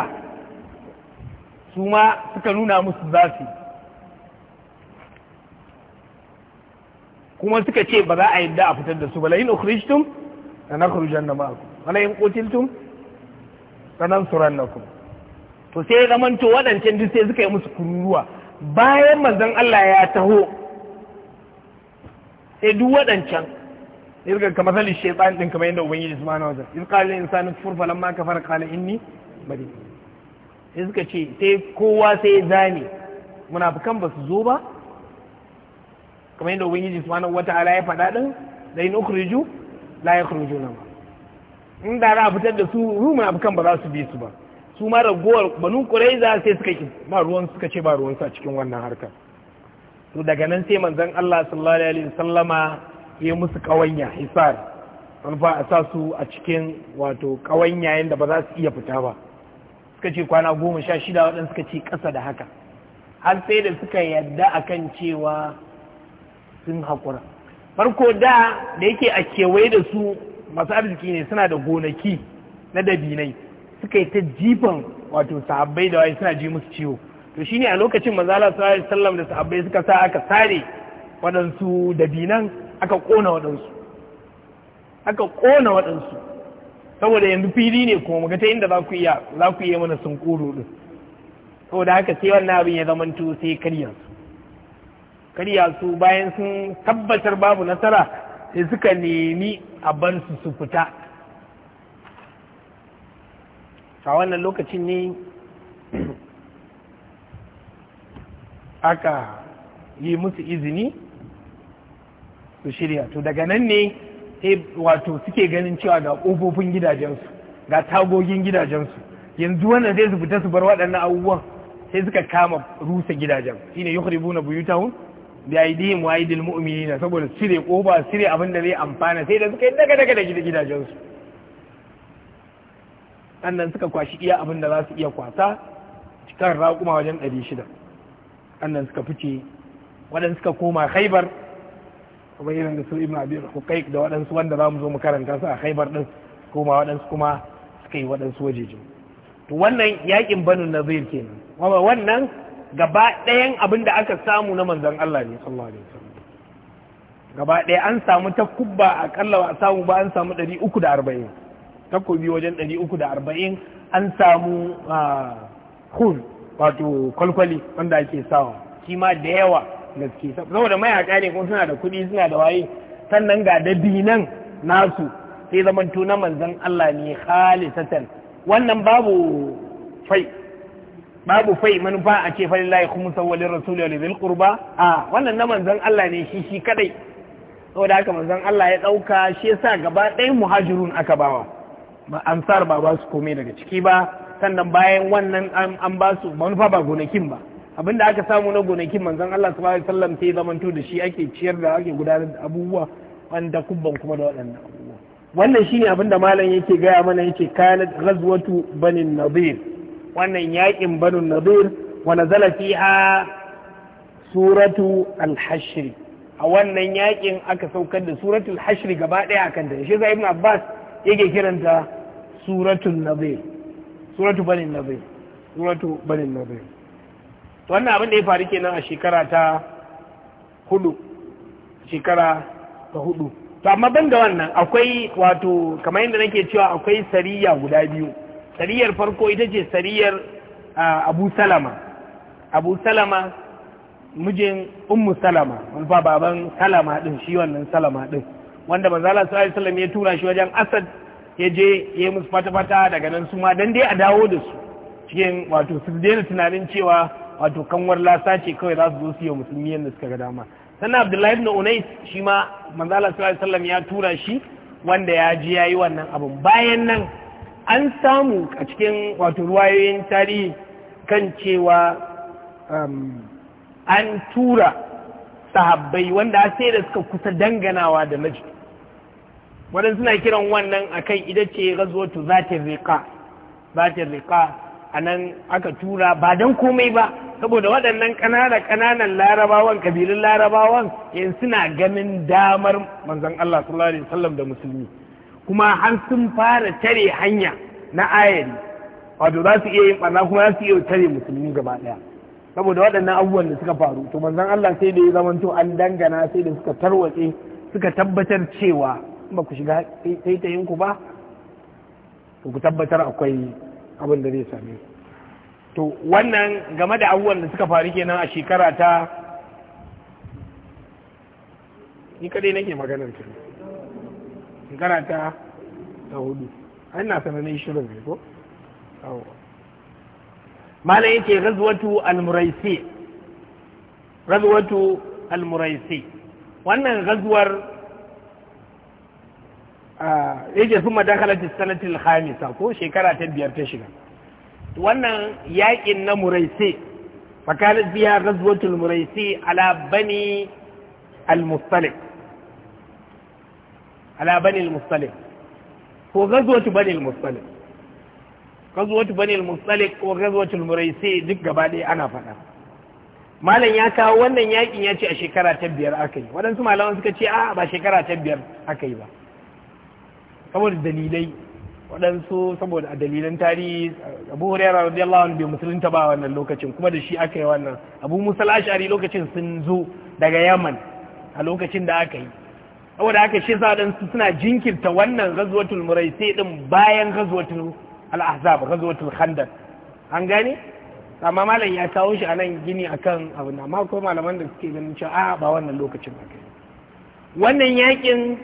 su ma suka nuna musu za su yi kuma suka ce ba za a yadda a fitar da su ba la in ukhrijtum lanakhrujanna da wala in qutiltum lanansurannakum to sai ya zamanto waɗancan duk sai suka yi musu kururuwa bayan manzon Allah ya taho sai duk waɗancan irga kamar sali shaytan din kamar yadda ubangiji subhanahu wa ta'ala in qala insanu kufur falamma kafara qala inni bari sai suka ce sai kowa sai zane munafikan ba su zo ba kamar yadda ubangiji subhanahu wata'ala ya faɗa din da in ukhriju la yakhrujuna ba in da za a fitar da su ruma abukan ba za su bi su ba su ma ragowar banu quraiza sai suka ki ba ruwan suka ce ba ruwan su a cikin wannan harkar to daga nan sai manzon Allah sallallahu alaihi wasallama ya musu kawanya hisar an fa a sa su a cikin wato kawanya yanda ba za su iya fita ba suka ce kwana goma sha shida waɗanda suka ce ƙasa da haka har sai da suka yadda akan cewa sun haƙura farko da da yake a kewaye da su masu arziki ne suna da gonaki na dabinai suka yi ta jifan wato sahabbai da waye suna ji musu ciwo to shine a lokacin mazala sallallahu da sahabbai suka sa aka sare waɗansu dabinan aka ƙona waɗansu aka ƙona waɗansu saboda yanzu fili ne kuma muka ta inda za ku iya mana sun ƙoro din saboda haka sai wannan abin ya zamanto sai karyansu karya su bayan sun tabbatar babu nasara sai suka nemi a bar su su fita a wannan lokacin ne aka yi musu izini su shirya to daga nan ne wato suke ganin cewa ga ƙofofin gidajensu ga tagogin gidajensu yanzu wannan zai su fita su bar waɗannan abubuwan sai suka kama rusa gidajen shine ta buyutahum bi aidihim wa aidil mu'minina saboda sire koba sire abin da zai amfana sai da suka yi daga daga da gidajen su sannan suka kwashi iya abin da za su iya kwasa cikar raƙuma wajen ɗari shida sannan suka fice waɗansu suka koma haibar kuma irin da su ibn abi hukaik da waɗansu wanda za mu zo mu karanta su a haibar ɗin koma waɗansu kuma suka yi waɗansu wajeje to wannan yaƙin banu nazir kenan wannan gaba ɗayan abin da aka samu na manzan Allah ne sallallahu alaihi wasallam gaba ɗaya an samu kubba a ba wa samu ba an samu 340 takobi wajen 340 an samu ah, hun wato kwalkwali wanda ake sawa shi ma da yawa gaske saboda mayaka ne kuma suna da kuɗi suna da waye sannan ga dabinan nasu sai zamanto na manzan Allah ne khalisatan wannan babu fai babu fai manufa a ce fa lillahi khumsa wa lirrasuli wa lizil qurba a wannan na manzon Allah ne shi shi kadai saboda haka manzon Allah ya dauka shi yasa gaba ɗaya muhajirun aka bawa ba ansar ba ba su komai daga ciki ba sannan bayan wannan an ba su manufa ba gonakin ba abinda aka samu na gonakin manzon Allah subhanahu alaihi wasallam sai zamanto da shi ake ciyar da ake gudanar da abubuwa wanda kubban kuma da waɗannan abubuwa wannan shine abinda malam yake gaya mana yake kanat ghazwatu banin nadir wannan yaƙin banu nadir wa nazala fiha suratu al-hashr a wannan yaƙin aka saukar da suratul hashr gaba ɗaya akan ta shi ibn abbas yake kiranta suratul nadir suratu banu nadir suratu banu nadir to wannan abin da ya faru kenan a shekara ta hudu shekara ta hudu to amma ban da wannan akwai wato kamar yadda nake cewa akwai sariya guda biyu sariyar farko ita ce sariyar abu salama abu salama mijin ummu salama wani ba baban salama din shi wannan salama din wanda manzala sallallahu alaihi ya tura shi wajen asad ya je ya musu fata-fata daga nan su ma dan dai a dawo da su cikin wato su daina tunanin cewa wato kanwar lasa ce kawai za su zo su yi musulmi yadda suka ga dama sannan abdullahi ibn unais shi ma manzala sallallahu alaihi ya tura shi wanda ya ji yayi wannan abun bayan nan an samu a cikin wato ruwayoyin tarihi kan cewa um, an tura sahabbai wanda sai da suka kusa danganawa da najd wadanda suna kiran wannan a akan ita ce gazuwatu tu za ta a nan aka tura ba don komai ba saboda waɗannan ƙanana ƙananan larabawan ƙabilun larabawan yanzu suna ganin damar manzan Allah sallallahu alaihi wasallam da musulmi kuma har sun fara tare hanya na ayari wato za su iya yin barna kuma za su iya tare musulmi gaba daya saboda waɗannan abubuwan da suka faru to manzon Allah sai da ya zamanto an dangana sai da suka tarwatse suka tabbatar cewa ba ku shiga taitayin ku ba to ku tabbatar akwai abin da zai same to wannan game da abubuwan da suka faru kenan a shekara ta ni kadai nake maganar kenan shekara ta ta hudu an na sananin shirin ne ko malam yake razuwatu almuraisi razuwatu almuraisi al-muraisi wannan ghazwar yake kuma dakalar sanatil hamisa ko shekara ta biyar ta shiga wannan yakin na muraisi fakalar biya razuwatu almuraisi ala bani al ala banil mustalik ko gazuwatu banil mustalik gazuwatu banil mustalik ko muraisi duk gabaɗaya ana faɗa malam ya kawo wannan yakin ya ce a shekara ta biyar aka yi waɗansu malaman suka ce a ba shekara ta biyar aka yi ba saboda dalilai waɗansu saboda a dalilan tarihi abu huraira radiyallahu anhu bai musulunta ba wannan lokacin kuma da shi aka yi wannan abu musa ashari lokacin sun zo daga yaman a lokacin da aka yi saboda aka shi sa su suna jinkirta wannan murai sai din bayan ghazwatul al'azab ahzab khandar an gane amma malam ya kawo shi a nan gini a kan abu na amma malaman da suke ganin cewa a ba wannan lokacin ba wannan yakin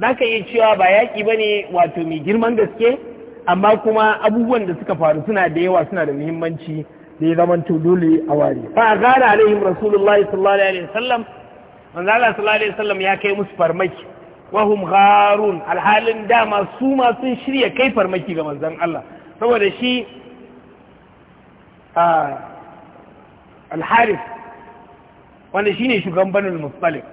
za ka iya cewa ba yaki ne wato mai girman gaske amma kuma abubuwan da suka faru suna da yawa suna da muhimmanci da ya zamanto dole a ware fa gara alaihim rasulullahi sallallahu alaihi wasallam manzala sallallahu alaihi wasallam ya kai musu farmaki wahum gharun alhalin dama su ma sun shirya kai farmaki ga manzan Allah saboda shi alharif wanda shi ne shugaban banul musbalik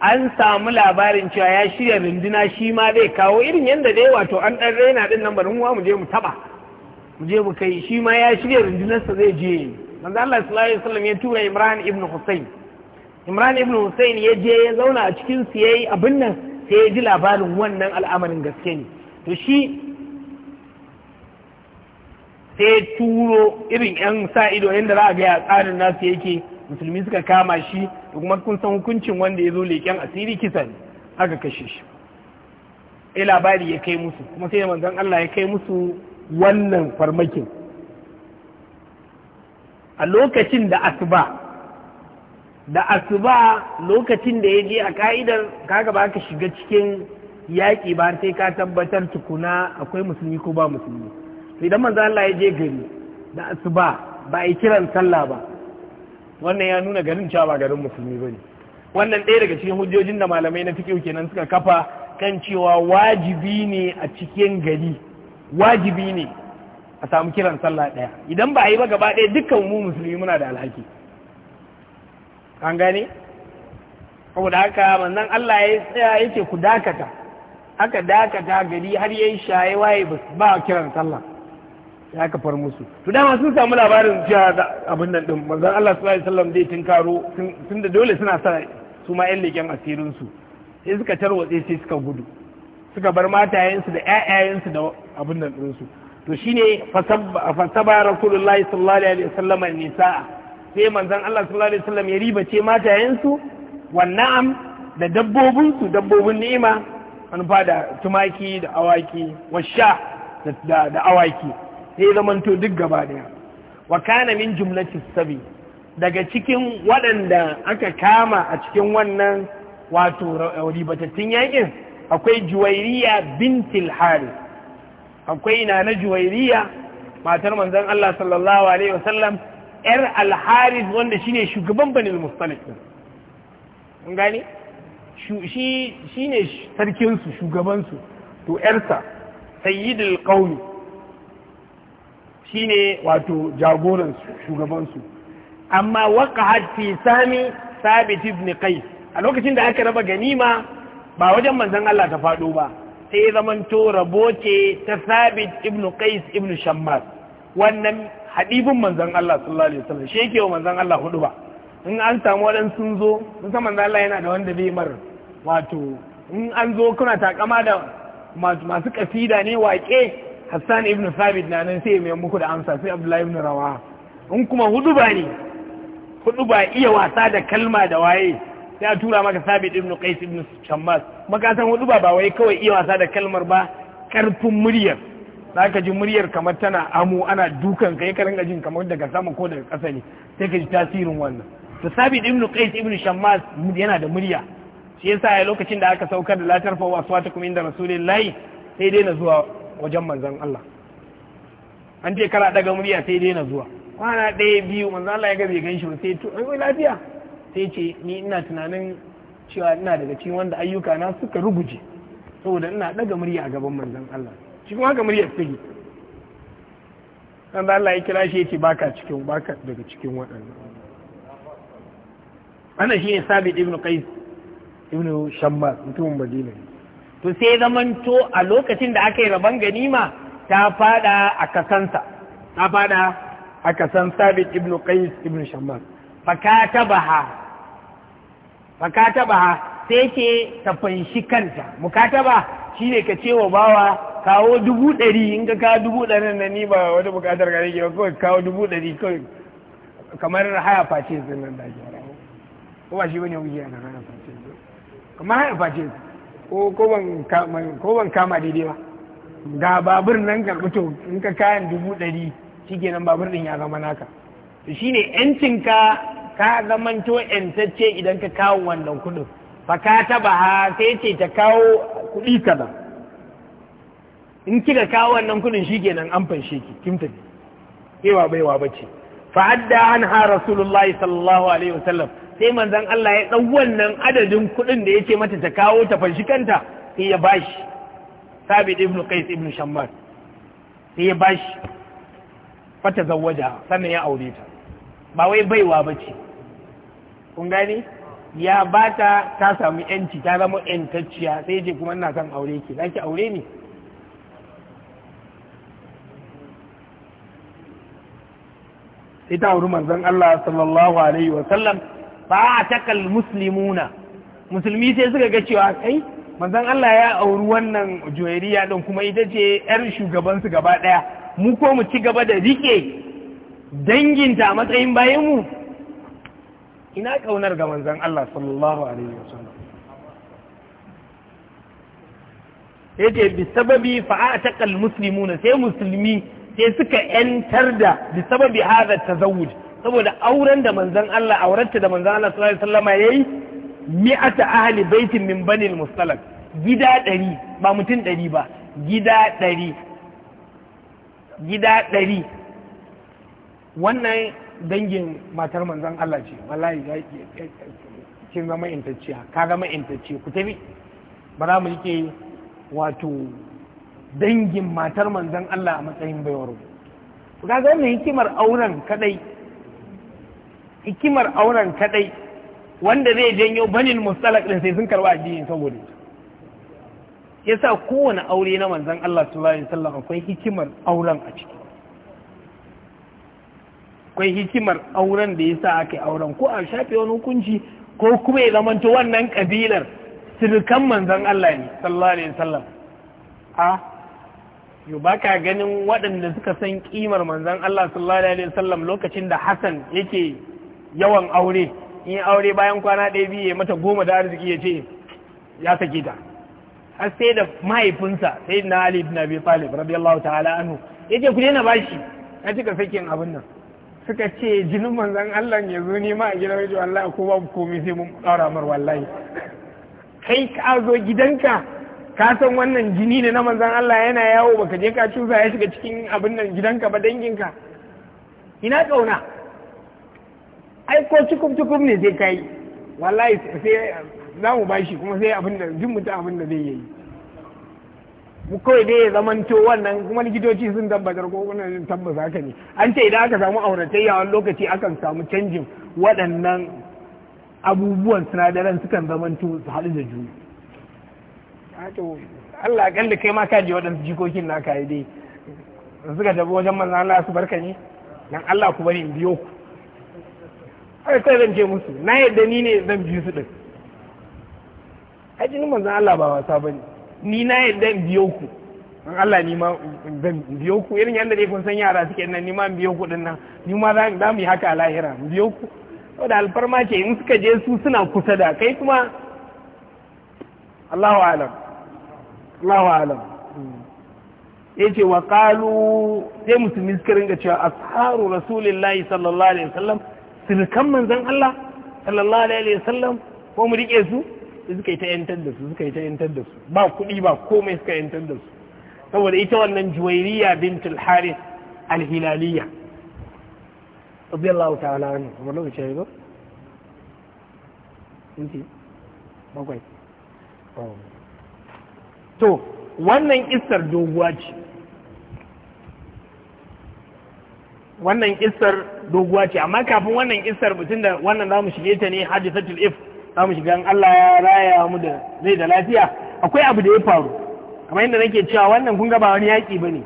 an samu labarin cewa ya shirya runduna shi ma zai kawo irin yadda dai wato an ɗan raina ɗin nan bari mu je mu taɓa mu je mu kai shi ma ya shirya rundunarsa zai je manzo Allah sallallahu alaihi wasallam ya tura Imran ibn Hussein imran ibn hussein ya je ya zauna a cikin su yayi abin nan sai ya ji labarin wannan al'amarin gaske ne to shi sai turo irin yan sa ido yadda za a ga tsarin nasu yake musulmi suka kama shi da kuma kun san hukuncin wanda ya zo leƙen asiri kisa ne aka kashe shi sai labari ya kai musu kuma sai manzon Allah ya kai musu wannan farmakin a lokacin da asuba da asuba lokacin da ya je a ka'idar kaga ba ka shiga cikin yaƙi ba sai ka tabbatar tukuna akwai musulmi ko ba musulmi idan manzo Allah ya je gari da asuba ba a kiran sallah ba wannan ya nuna garin cewa ba garin musulmi bane wannan ɗaya daga cikin hujjojin da malamai na fiqh kenan suka kafa kan cewa wajibi ne a cikin gari wajibi ne a samu kiran sallah ɗaya idan ba a yi ba gaba ɗaya dukkan mu musulmi muna da alhaki an gane saboda haka manzan Allah ya tsaya yake ku dakata aka dakata gari har yayi shaye waye ba kiran sallah ya ka far musu to dama sun samu labarin cewa abin nan din manzan Allah sallallahu alaihi wasallam zai tinkaro tun da dole suna sa su ma yan leken asirin su sai suka tarwatse sai suka gudu suka bar matayensu da ƴaƴayensu da abin nan din su to shine fasaba rasulullahi sallallahu alaihi wasallam nisaa sai manzan Allah sallallahu alaihi wasallam ya ce matayensu wannan da dabbobinsu dabbobin ni'ima an da tumaki da awaki washa da awaki sai zamanto duk gaba daya wa kana min jumlatis sabi daga cikin waɗanda aka kama a cikin wannan wato ribatattun yakin akwai juwairiya bintil hari akwai na na juwairiya matar manzon Allah sallallahu alaihi wasallam yar alharid wanda ne shugaban banil mustalik kun gane shi shine sarkinsu shugabansu to yarsa sayyidul shi ne wato jagoransu shugabansu amma waqa'at fi sami sabit ne kai a lokacin da aka raba ganima ba wajen manzon Allah ta fado ba sai zamanto rabo ce ta sabit ibn qais ibn shammas wannan hadibin manzan Allah sallallahu alaihi wasallam shi yake wa manzan Allah hudu ba in an samu wadan sun zo sun san manzan Allah yana da wanda bai mar wato in an zo kuna takama da masu kasida ne waƙe Hassan ibn Thabit na nan sai mai muku da amsa sai Abdullahi ibn Rawaha in kuma hudu ba ne hudu ba iya wasa da kalma da waye sai a tura maka Thabit ibn Qais ibn Shammas maka san hudu ba ba wai kawai iya wasa da kalmar ba karfin muryar za ka ji muryar kamar tana amu ana dukan kai ka jin kamar daga sama ko daga ƙasa ne sai ka ji tasirin wannan to sabit ibn qais ibn shammas yana da murya shi yasa a lokacin da aka saukar da latar fa wata kuma inda rasulullahi sai dai na zuwa wajen manzon Allah an ce kara daga murya sai dai na zuwa kwana ɗaya biyu manzon Allah ya ga bai ganshi ba sai to ai lafiya sai ce ni ina tunanin cewa ina daga cikin wanda ayyuka na suka ruguje saboda ina daga murya a gaban manzon Allah shi kuma haka muryar take da Allah ya kira shi ya ce baka cikin baka daga cikin waɗannan ana shi ne sabit ibn qais ibn shamma mutumin madina to sai zamanto a lokacin da aka yi rabon ganima ta fada a kasansa ta fada a kasan sabit ibn qais ibn shammas fakatabaha fakatabaha sai ce ta fanshi kanta mukataba shine ka wa bawa kawo dubu ɗari in ka kawo dubu ɗari na ni ba wata buƙatar ka ke ba kawai kawo dubu ɗari kawai kamar haya face su nan da ake ko ba shi bane wuce nan haya face kamar haya face ko ko ban kama daidai ba ga babur nan karɓi to in ka kayan dubu ɗari shi nan babur ɗin ya zama naka to ne yancin ka ka zamanto yantacce idan ka kawo wannan kuɗin ba ka taba ha sai ce ta kawo kuɗi kaza in kika kawo wannan kudin shikenan an fanshe ki kin tafi kewa baiwa bace fa adda ha rasulullahi sallallahu alaihi wasallam sai manzon Allah ya dau wannan adadin kudin da yake mata ta kawo ta fanshi kanta sai ya bashi sabit ibn qais ibn shammar sai ya bashi fata zawaja sannan ya aure ta ba wai baiwa bace kun gani ya bata ta samu yanci ta zama yantacciya sai je kuma ina son aure ki zaki aure ni ita wuri manzon Allah sallallahu alaihi wa sallam ba a takal muslimuna musulmi sai suka ga cewa kai manzon Allah ya auri wannan juwairiya din kuma ita ce yar shugaban su gaba daya mu ko mu ci gaba da rike danginta a matsayin bayan mu ina kaunar ga manzon Allah sallallahu alaihi wa sallam yace bi sababi fa a takal muslimuna sai musulmi sai suka ‘yantar da bi sababi ta tazawuj saboda auren da manzan Allah aurarta da manzan Allah sallallahu alaihi wasallama yayi mi'ata ahli baitin min banil mustalak gida ɗari ba mutum ɗari ba gida ɗari gida ɗari wannan dangin matar manzan Allah ce wallahi kin zama intacciya ka zama intacciya ku tafi ba za mu rike wato dangin matar manzon Allah a matsayin baiwar ga wannan hikimar auren kadai hikimar auren kadai wanda zai janyo banin mustalak din sai sun karba addini saboda yasa kowane aure na manzon Allah sallallahu alaihi wasallam akwai hikimar auren a ciki akwai hikimar auren da yasa aka yi auren ko a shafe wani hukunci ko kuma ya zamanto wannan kabilar sirkan manzon Allah ne sallallahu alaihi wasallam a ah, yau ba ka ganin waɗanda suka san ƙimar manzan Allah sallallahu alaihi wasallam lokacin da Hassan yake yawan aure in aure bayan kwana ɗaya biyu ya mata goma da arziki ya ce ya sake ta har sai da mahaifinsa sai na Ali ibn Abi Talib radiyallahu ta'ala anhu Yake ku daina bashi ya cika sakin abin nan suka ce jinin manzan Allah ya zo ni ma a gidan rajo Allah ko babu komai sai mun ƙara mar wallahi kai ka zo gidanka ka san wannan jini ne na manzan Allah yana yawo baka je ka cusa ya shiga cikin abin nan gidanka ba danginka ina kauna ai ko cikum cikum ne sai kai wallahi sai za mu bashi kuma sai abin da jin mutum abin da zai yi mu kawai dai ya zamanto wannan kuma likitoci sun tabbatar ko kuna tabbata haka ne an ce idan aka samu auratayya wani lokaci akan samu canjin waɗannan abubuwan sinadaran sukan zamanto su haɗu da juna Ah, Allah Allah da kai ma ka je waɗansu jikokin ka yi dai suka tafi wajen manzo Allah su barka ne dan Allah ku bari in biyo ku ai sai zan je musu na yadda ni ne zan biyo su din ai jinin manzo Allah ba wasa bane ni na yadda in biyo ku dan Allah ni ma zan biyo ku irin yanda dai kun san yara suke nan ni ma in biyo ku din nan ni ma za mu yi haka a lahira in biyo ku saboda alfarma ce in suka je su suna kusa da kai kuma Allahu alam Allahu alam yace wa qalu sai musulmi suka ringa cewa asharu rasulillahi sallallahu alaihi wasallam sirkan manzon Allah sallallahu alaihi wasallam ko mu rike su suka yi ta yantar da su suka yi ta yantar da su ba kuɗi ba komai suka yantar da su saboda ita wannan juwairiya bintul harith alhilaliya radiyallahu ta'ala anhu kuma to wannan isar doguwa ce wannan isar doguwa ce amma kafin wannan isar mutum da wannan za mu shige ta ne hadisatul if mu shiga Allah ya raya mu da zai da lafiya akwai abu da ya faru kamar yadda nake cewa wannan kun ga ba wani yaƙi ba ne.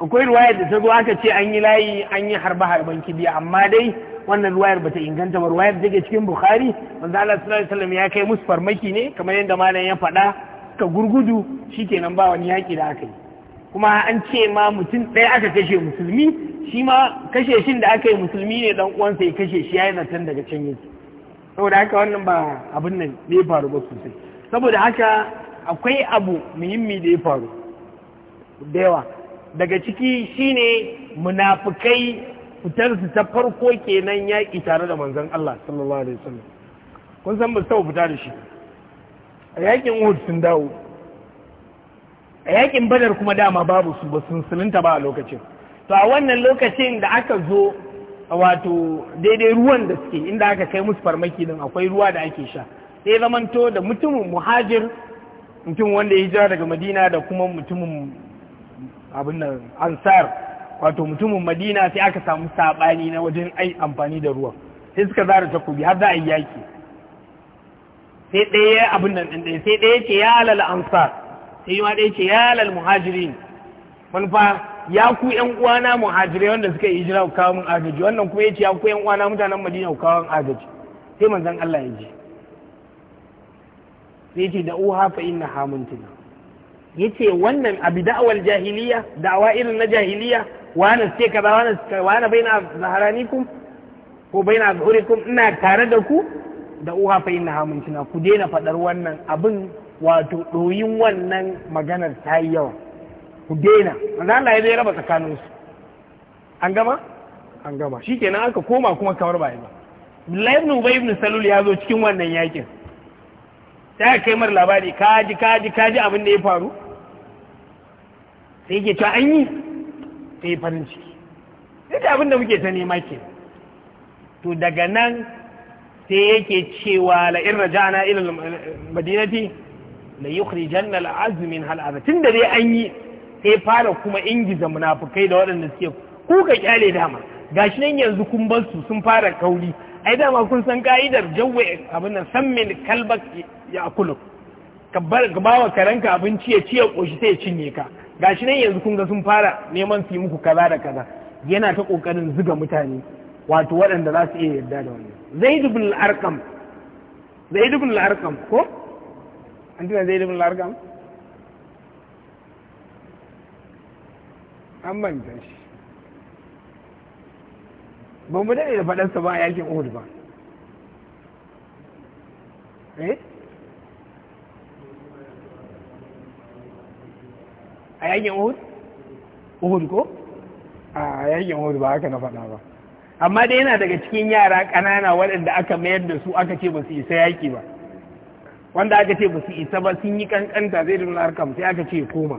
akwai ruwayar da ta zo aka ce an yi layi an yi harba harban kibiya amma dai wannan ruwayar bata inganta ba ruwayar da take cikin bukhari manzo Allah sallallahu alaihi wasallam ya kai musu farmaki ne kamar yadda malam ya faɗa ka gurgudu shi shikenan ba wani yaƙi da aka yi kuma an ce ma mutum ɗaya aka kashe musulmi shi ma kashe shin da aka yi musulmi ne dan uwansa ya kashe shi ya yi zaton daga can yake saboda haka wannan ba abin nan ne faru ba sosai saboda haka akwai abu muhimmi da ya faru da yawa daga ciki shine munafukai fitarsu ta farko kenan yaƙi tare da manzon Allah sallallahu alaihi wasallam kun san ba su fita da shi a yakin uhud sun dawo a yakin badar kuma dama babu su ba sun sulunta ba a lokacin to a wannan lokacin da aka zo wato daidai ruwan da suke inda aka kai musu farmaki din akwai ruwa da ake sha sai zamanto da mutumin muhajir mutum wanda ya yi jira daga madina da kuma mutumin abin nan ansar wato mutumin madina sai aka samu sabani na wajen ai amfani da ruwan sai suka zara takobi har za a yi yaki sai ɗaya ya abin nan ɗin ɗaya sai ɗaya ce ya alal ansar sai yi ma ɗaya ce ya alal muhajirin manufa ya ku ƴan uwana muhajirai wanda suka yi hijira kawo min agaji wannan kuma ya ce ya ku ƴan uwana mutanen madina kawo min agaji sai manzon Allah ya ji sai ce da uha fa inna hamuntina yace wannan abi da'awar jahiliya da'awa irin na jahiliya wani ce kaza wani wani baina zaharanikum ko bai baina zuhurikum ina tare da ku da uha fa inna hamuncina ku daina faɗar wannan abin wato ɗoyin wannan maganar ta yi yawa ku daina Allah ya zai raba tsakaninsu an gama an gama shikenan aka koma kuma kamar ba ba Abdullahi ibn Ubay ibn Salul ya zo cikin wannan yakin ta kai mar labari kaji kaji kaji abin da ya faru sai yake ta an yi sai farin ciki ita abin da muke ta nema ke to daga nan sai yake cewa la in raja'na ila madinati la yukhrijan al-azm min hal tunda dai an yi sai fara kuma ingiza munafikai da waɗanda suke ku ka kyale dama gashi nan yanzu kun bar su sun fara kauli ai dama kun san ka'idar jawwa abin nan san min kalbak ya akulu ka gabawa karanka abinci ya ciye koshi sai ya cinye ka gashi nan yanzu kun ga sun fara neman su yi muku kaza da kaza yana ta kokarin zuga mutane wato waɗanda za su iya yarda da wannan Zai ibn al-arqam zaid ibn al-arqam ko an tuna zai ibn al-arqam an manta shi ba mu daɗe da faɗansa ba a yakin uhud ba eh a yakin uhud uhud ko a yakin uhud ba haka na faɗa ba amma dai yana daga cikin yara ƙanana waɗanda aka mayar da su aka ce ba su isa yaƙi ba wanda aka ce ba su isa ba sun yi ƙanƙanta zai dubin arkam sai aka ce koma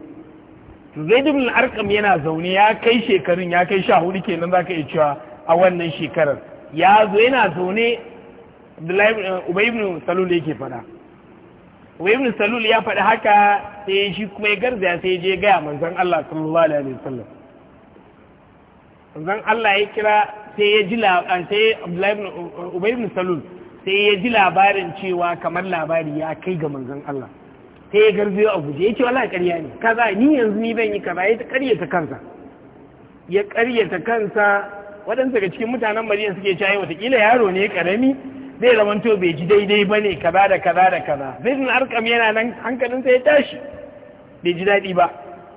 to zai dubin arkam yana zaune ya kai shekarun ya kai sha hudu kenan za ka iya cewa a wannan shekarar ya zo yana zaune eh, ubay ibn salul yake faɗa ubay ibn salul ya faɗi haka sai shi kuma ya garzaya sai ya je gaya manzon Allah sallallahu alaihi wasallam manzon Allah ya kira sai ya ji labarin sai ya ji labarin cewa kamar labari ya kai ga manzan Allah sai ya garzayo a guje ce wala ƙarya ne kaza ni yanzu ni ban yi kaza ya ƙaryata kansa ya ta kansa waɗansu ga cikin mutanen Madina suke cewa watakila yaro ne karami zai zamanto bai ji daidai ba ne kaza da kaza da kaza zai zin arkam yana nan hankalinsa ya tashi bai ji daɗi ba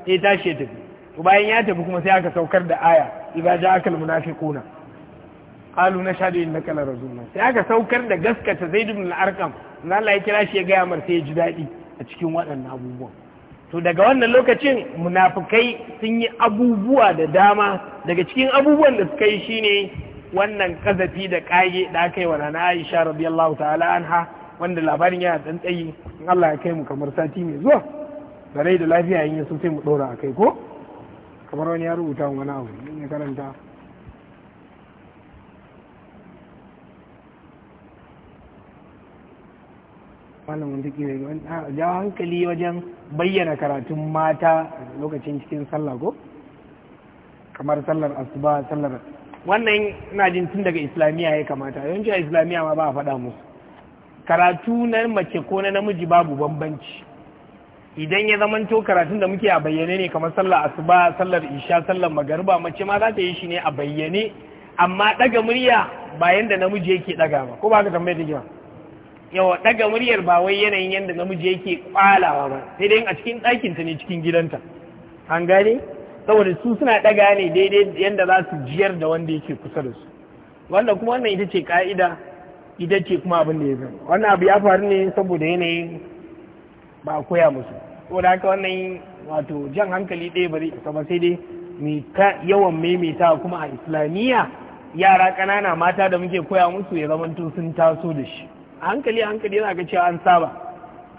ya tashi ya tafi bayan ya tafi kuma sai aka saukar da aya ibada akal munafiquna Kalu na shaɗu innaka la rasulullah sai aka saukar da gaskata zai dubin al na Allah ya kira shi ya gaya mar sai ya ji daɗi a cikin waɗannan abubuwan to daga wannan lokacin munafukai sun yi abubuwa da dama daga cikin abubuwan da suka yi shine wannan kazafi da kage da aka yi wa nana Aisha radiyallahu ta'ala anha wanda labarin yana dan tsayi in Allah ya kai mu kamar sati mai zuwa da rai da lafiya yin yasu sai mu ɗora a kai ko kamar wani ya rubuta wani abu ne karanta malam duk ne jawo hankali wajen bayyana karatun mata lokacin cikin sallah ko kamar sallar asuba sallar wannan ina jin tun daga islamiyya ya kamata yawanci a islamiyya ma ba a faɗa musu karatu na mace ko na namiji babu bambanci idan ya zamanto karatun da muke a bayyane ne kamar sallar asuba sallar isha sallar magariba mace ma za ta yi shi ne a bayyane amma ɗaga murya bayan da namiji yake ɗaga ba ko ba ka tambaye ta ba yawa daga muryar ba wai yanayin yadda namiji yake kwalawa ba sai dai a cikin ɗakinta ne cikin gidanta an gane saboda su suna daga ne daidai yadda za su jiyar da wanda yake kusa da su wanda kuma wannan ita ce ka'ida ita ce kuma abin da ya zama wannan abu ya faru ne saboda yanayin ba a koya musu saboda haka wannan wato jan hankali ɗaya ba zai isa ba sai dai mai yawan maimaita kuma a islamiyya yara ƙanana mata da muke koya musu ya zamanto sun taso da shi a hankali hankali yana ga cewa an saba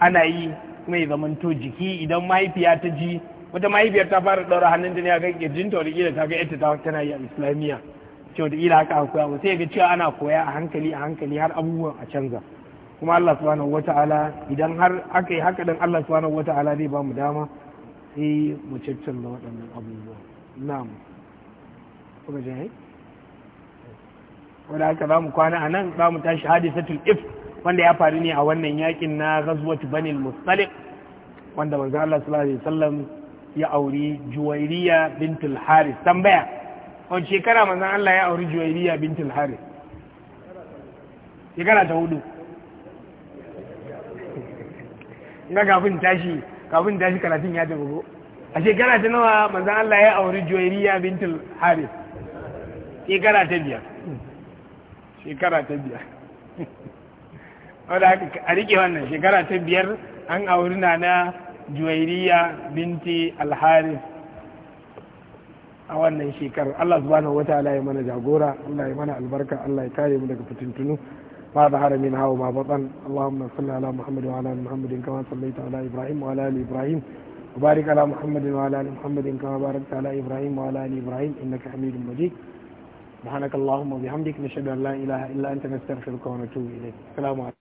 ana yi mai zaman to jiki idan mahaifiya ta ji wata mahaifiyar ta fara ɗaura hannun ta ne a kan kirjin ta wadda ta ga yadda ta tana yi a islamiyya ce wadda ila haka koya ba sai ga cewa ana koya a hankali a hankali har abubuwan a canza kuma Allah subhanahu wata'ala idan har aka yi haka dan Allah subhanahu wata'ala zai ba mu dama sai mu cancan da waɗannan abubuwa na'am kuma jahil wadda haka za mu kwana a nan za mu tashi hadisatul ifk wanda ya faru ne a wannan yakin na gazuwat banil mustalik wanda manzo Allah sallallahu alaihi wasallam ya auri juwairiya bintul haris tambaya on shekara manzo Allah ya auri juwairiya bintul haris shekara ta hudu na kafin tashi kafin tashi karatun ya tafi a shekara ta nawa manzo Allah ya auri juwairiya bintul haris shekara ta biyar shekara ta biyar wadda a rike wannan shekara ta biyar an auri na na juwairiya binti alharis a wannan shekarar Allah subhanahu wa ta'ala ya mana jagora Allah ya mana albarka Allah ya kare mu daga fitintunu ma da harami na hawa ma batsan Allahumma salli ala wa ala ali Muhammad kama sallaita ala Ibrahim wa ala ali Ibrahim wa ala Muhammad wa ala ali Muhammad kama barakta ala Ibrahim wa ala ali Ibrahim innaka Hamidum Majid subhanakallahumma wa bihamdika nashhadu an la ilaha illa anta nastaghfiruka wa natubu ilayk assalamu alaykum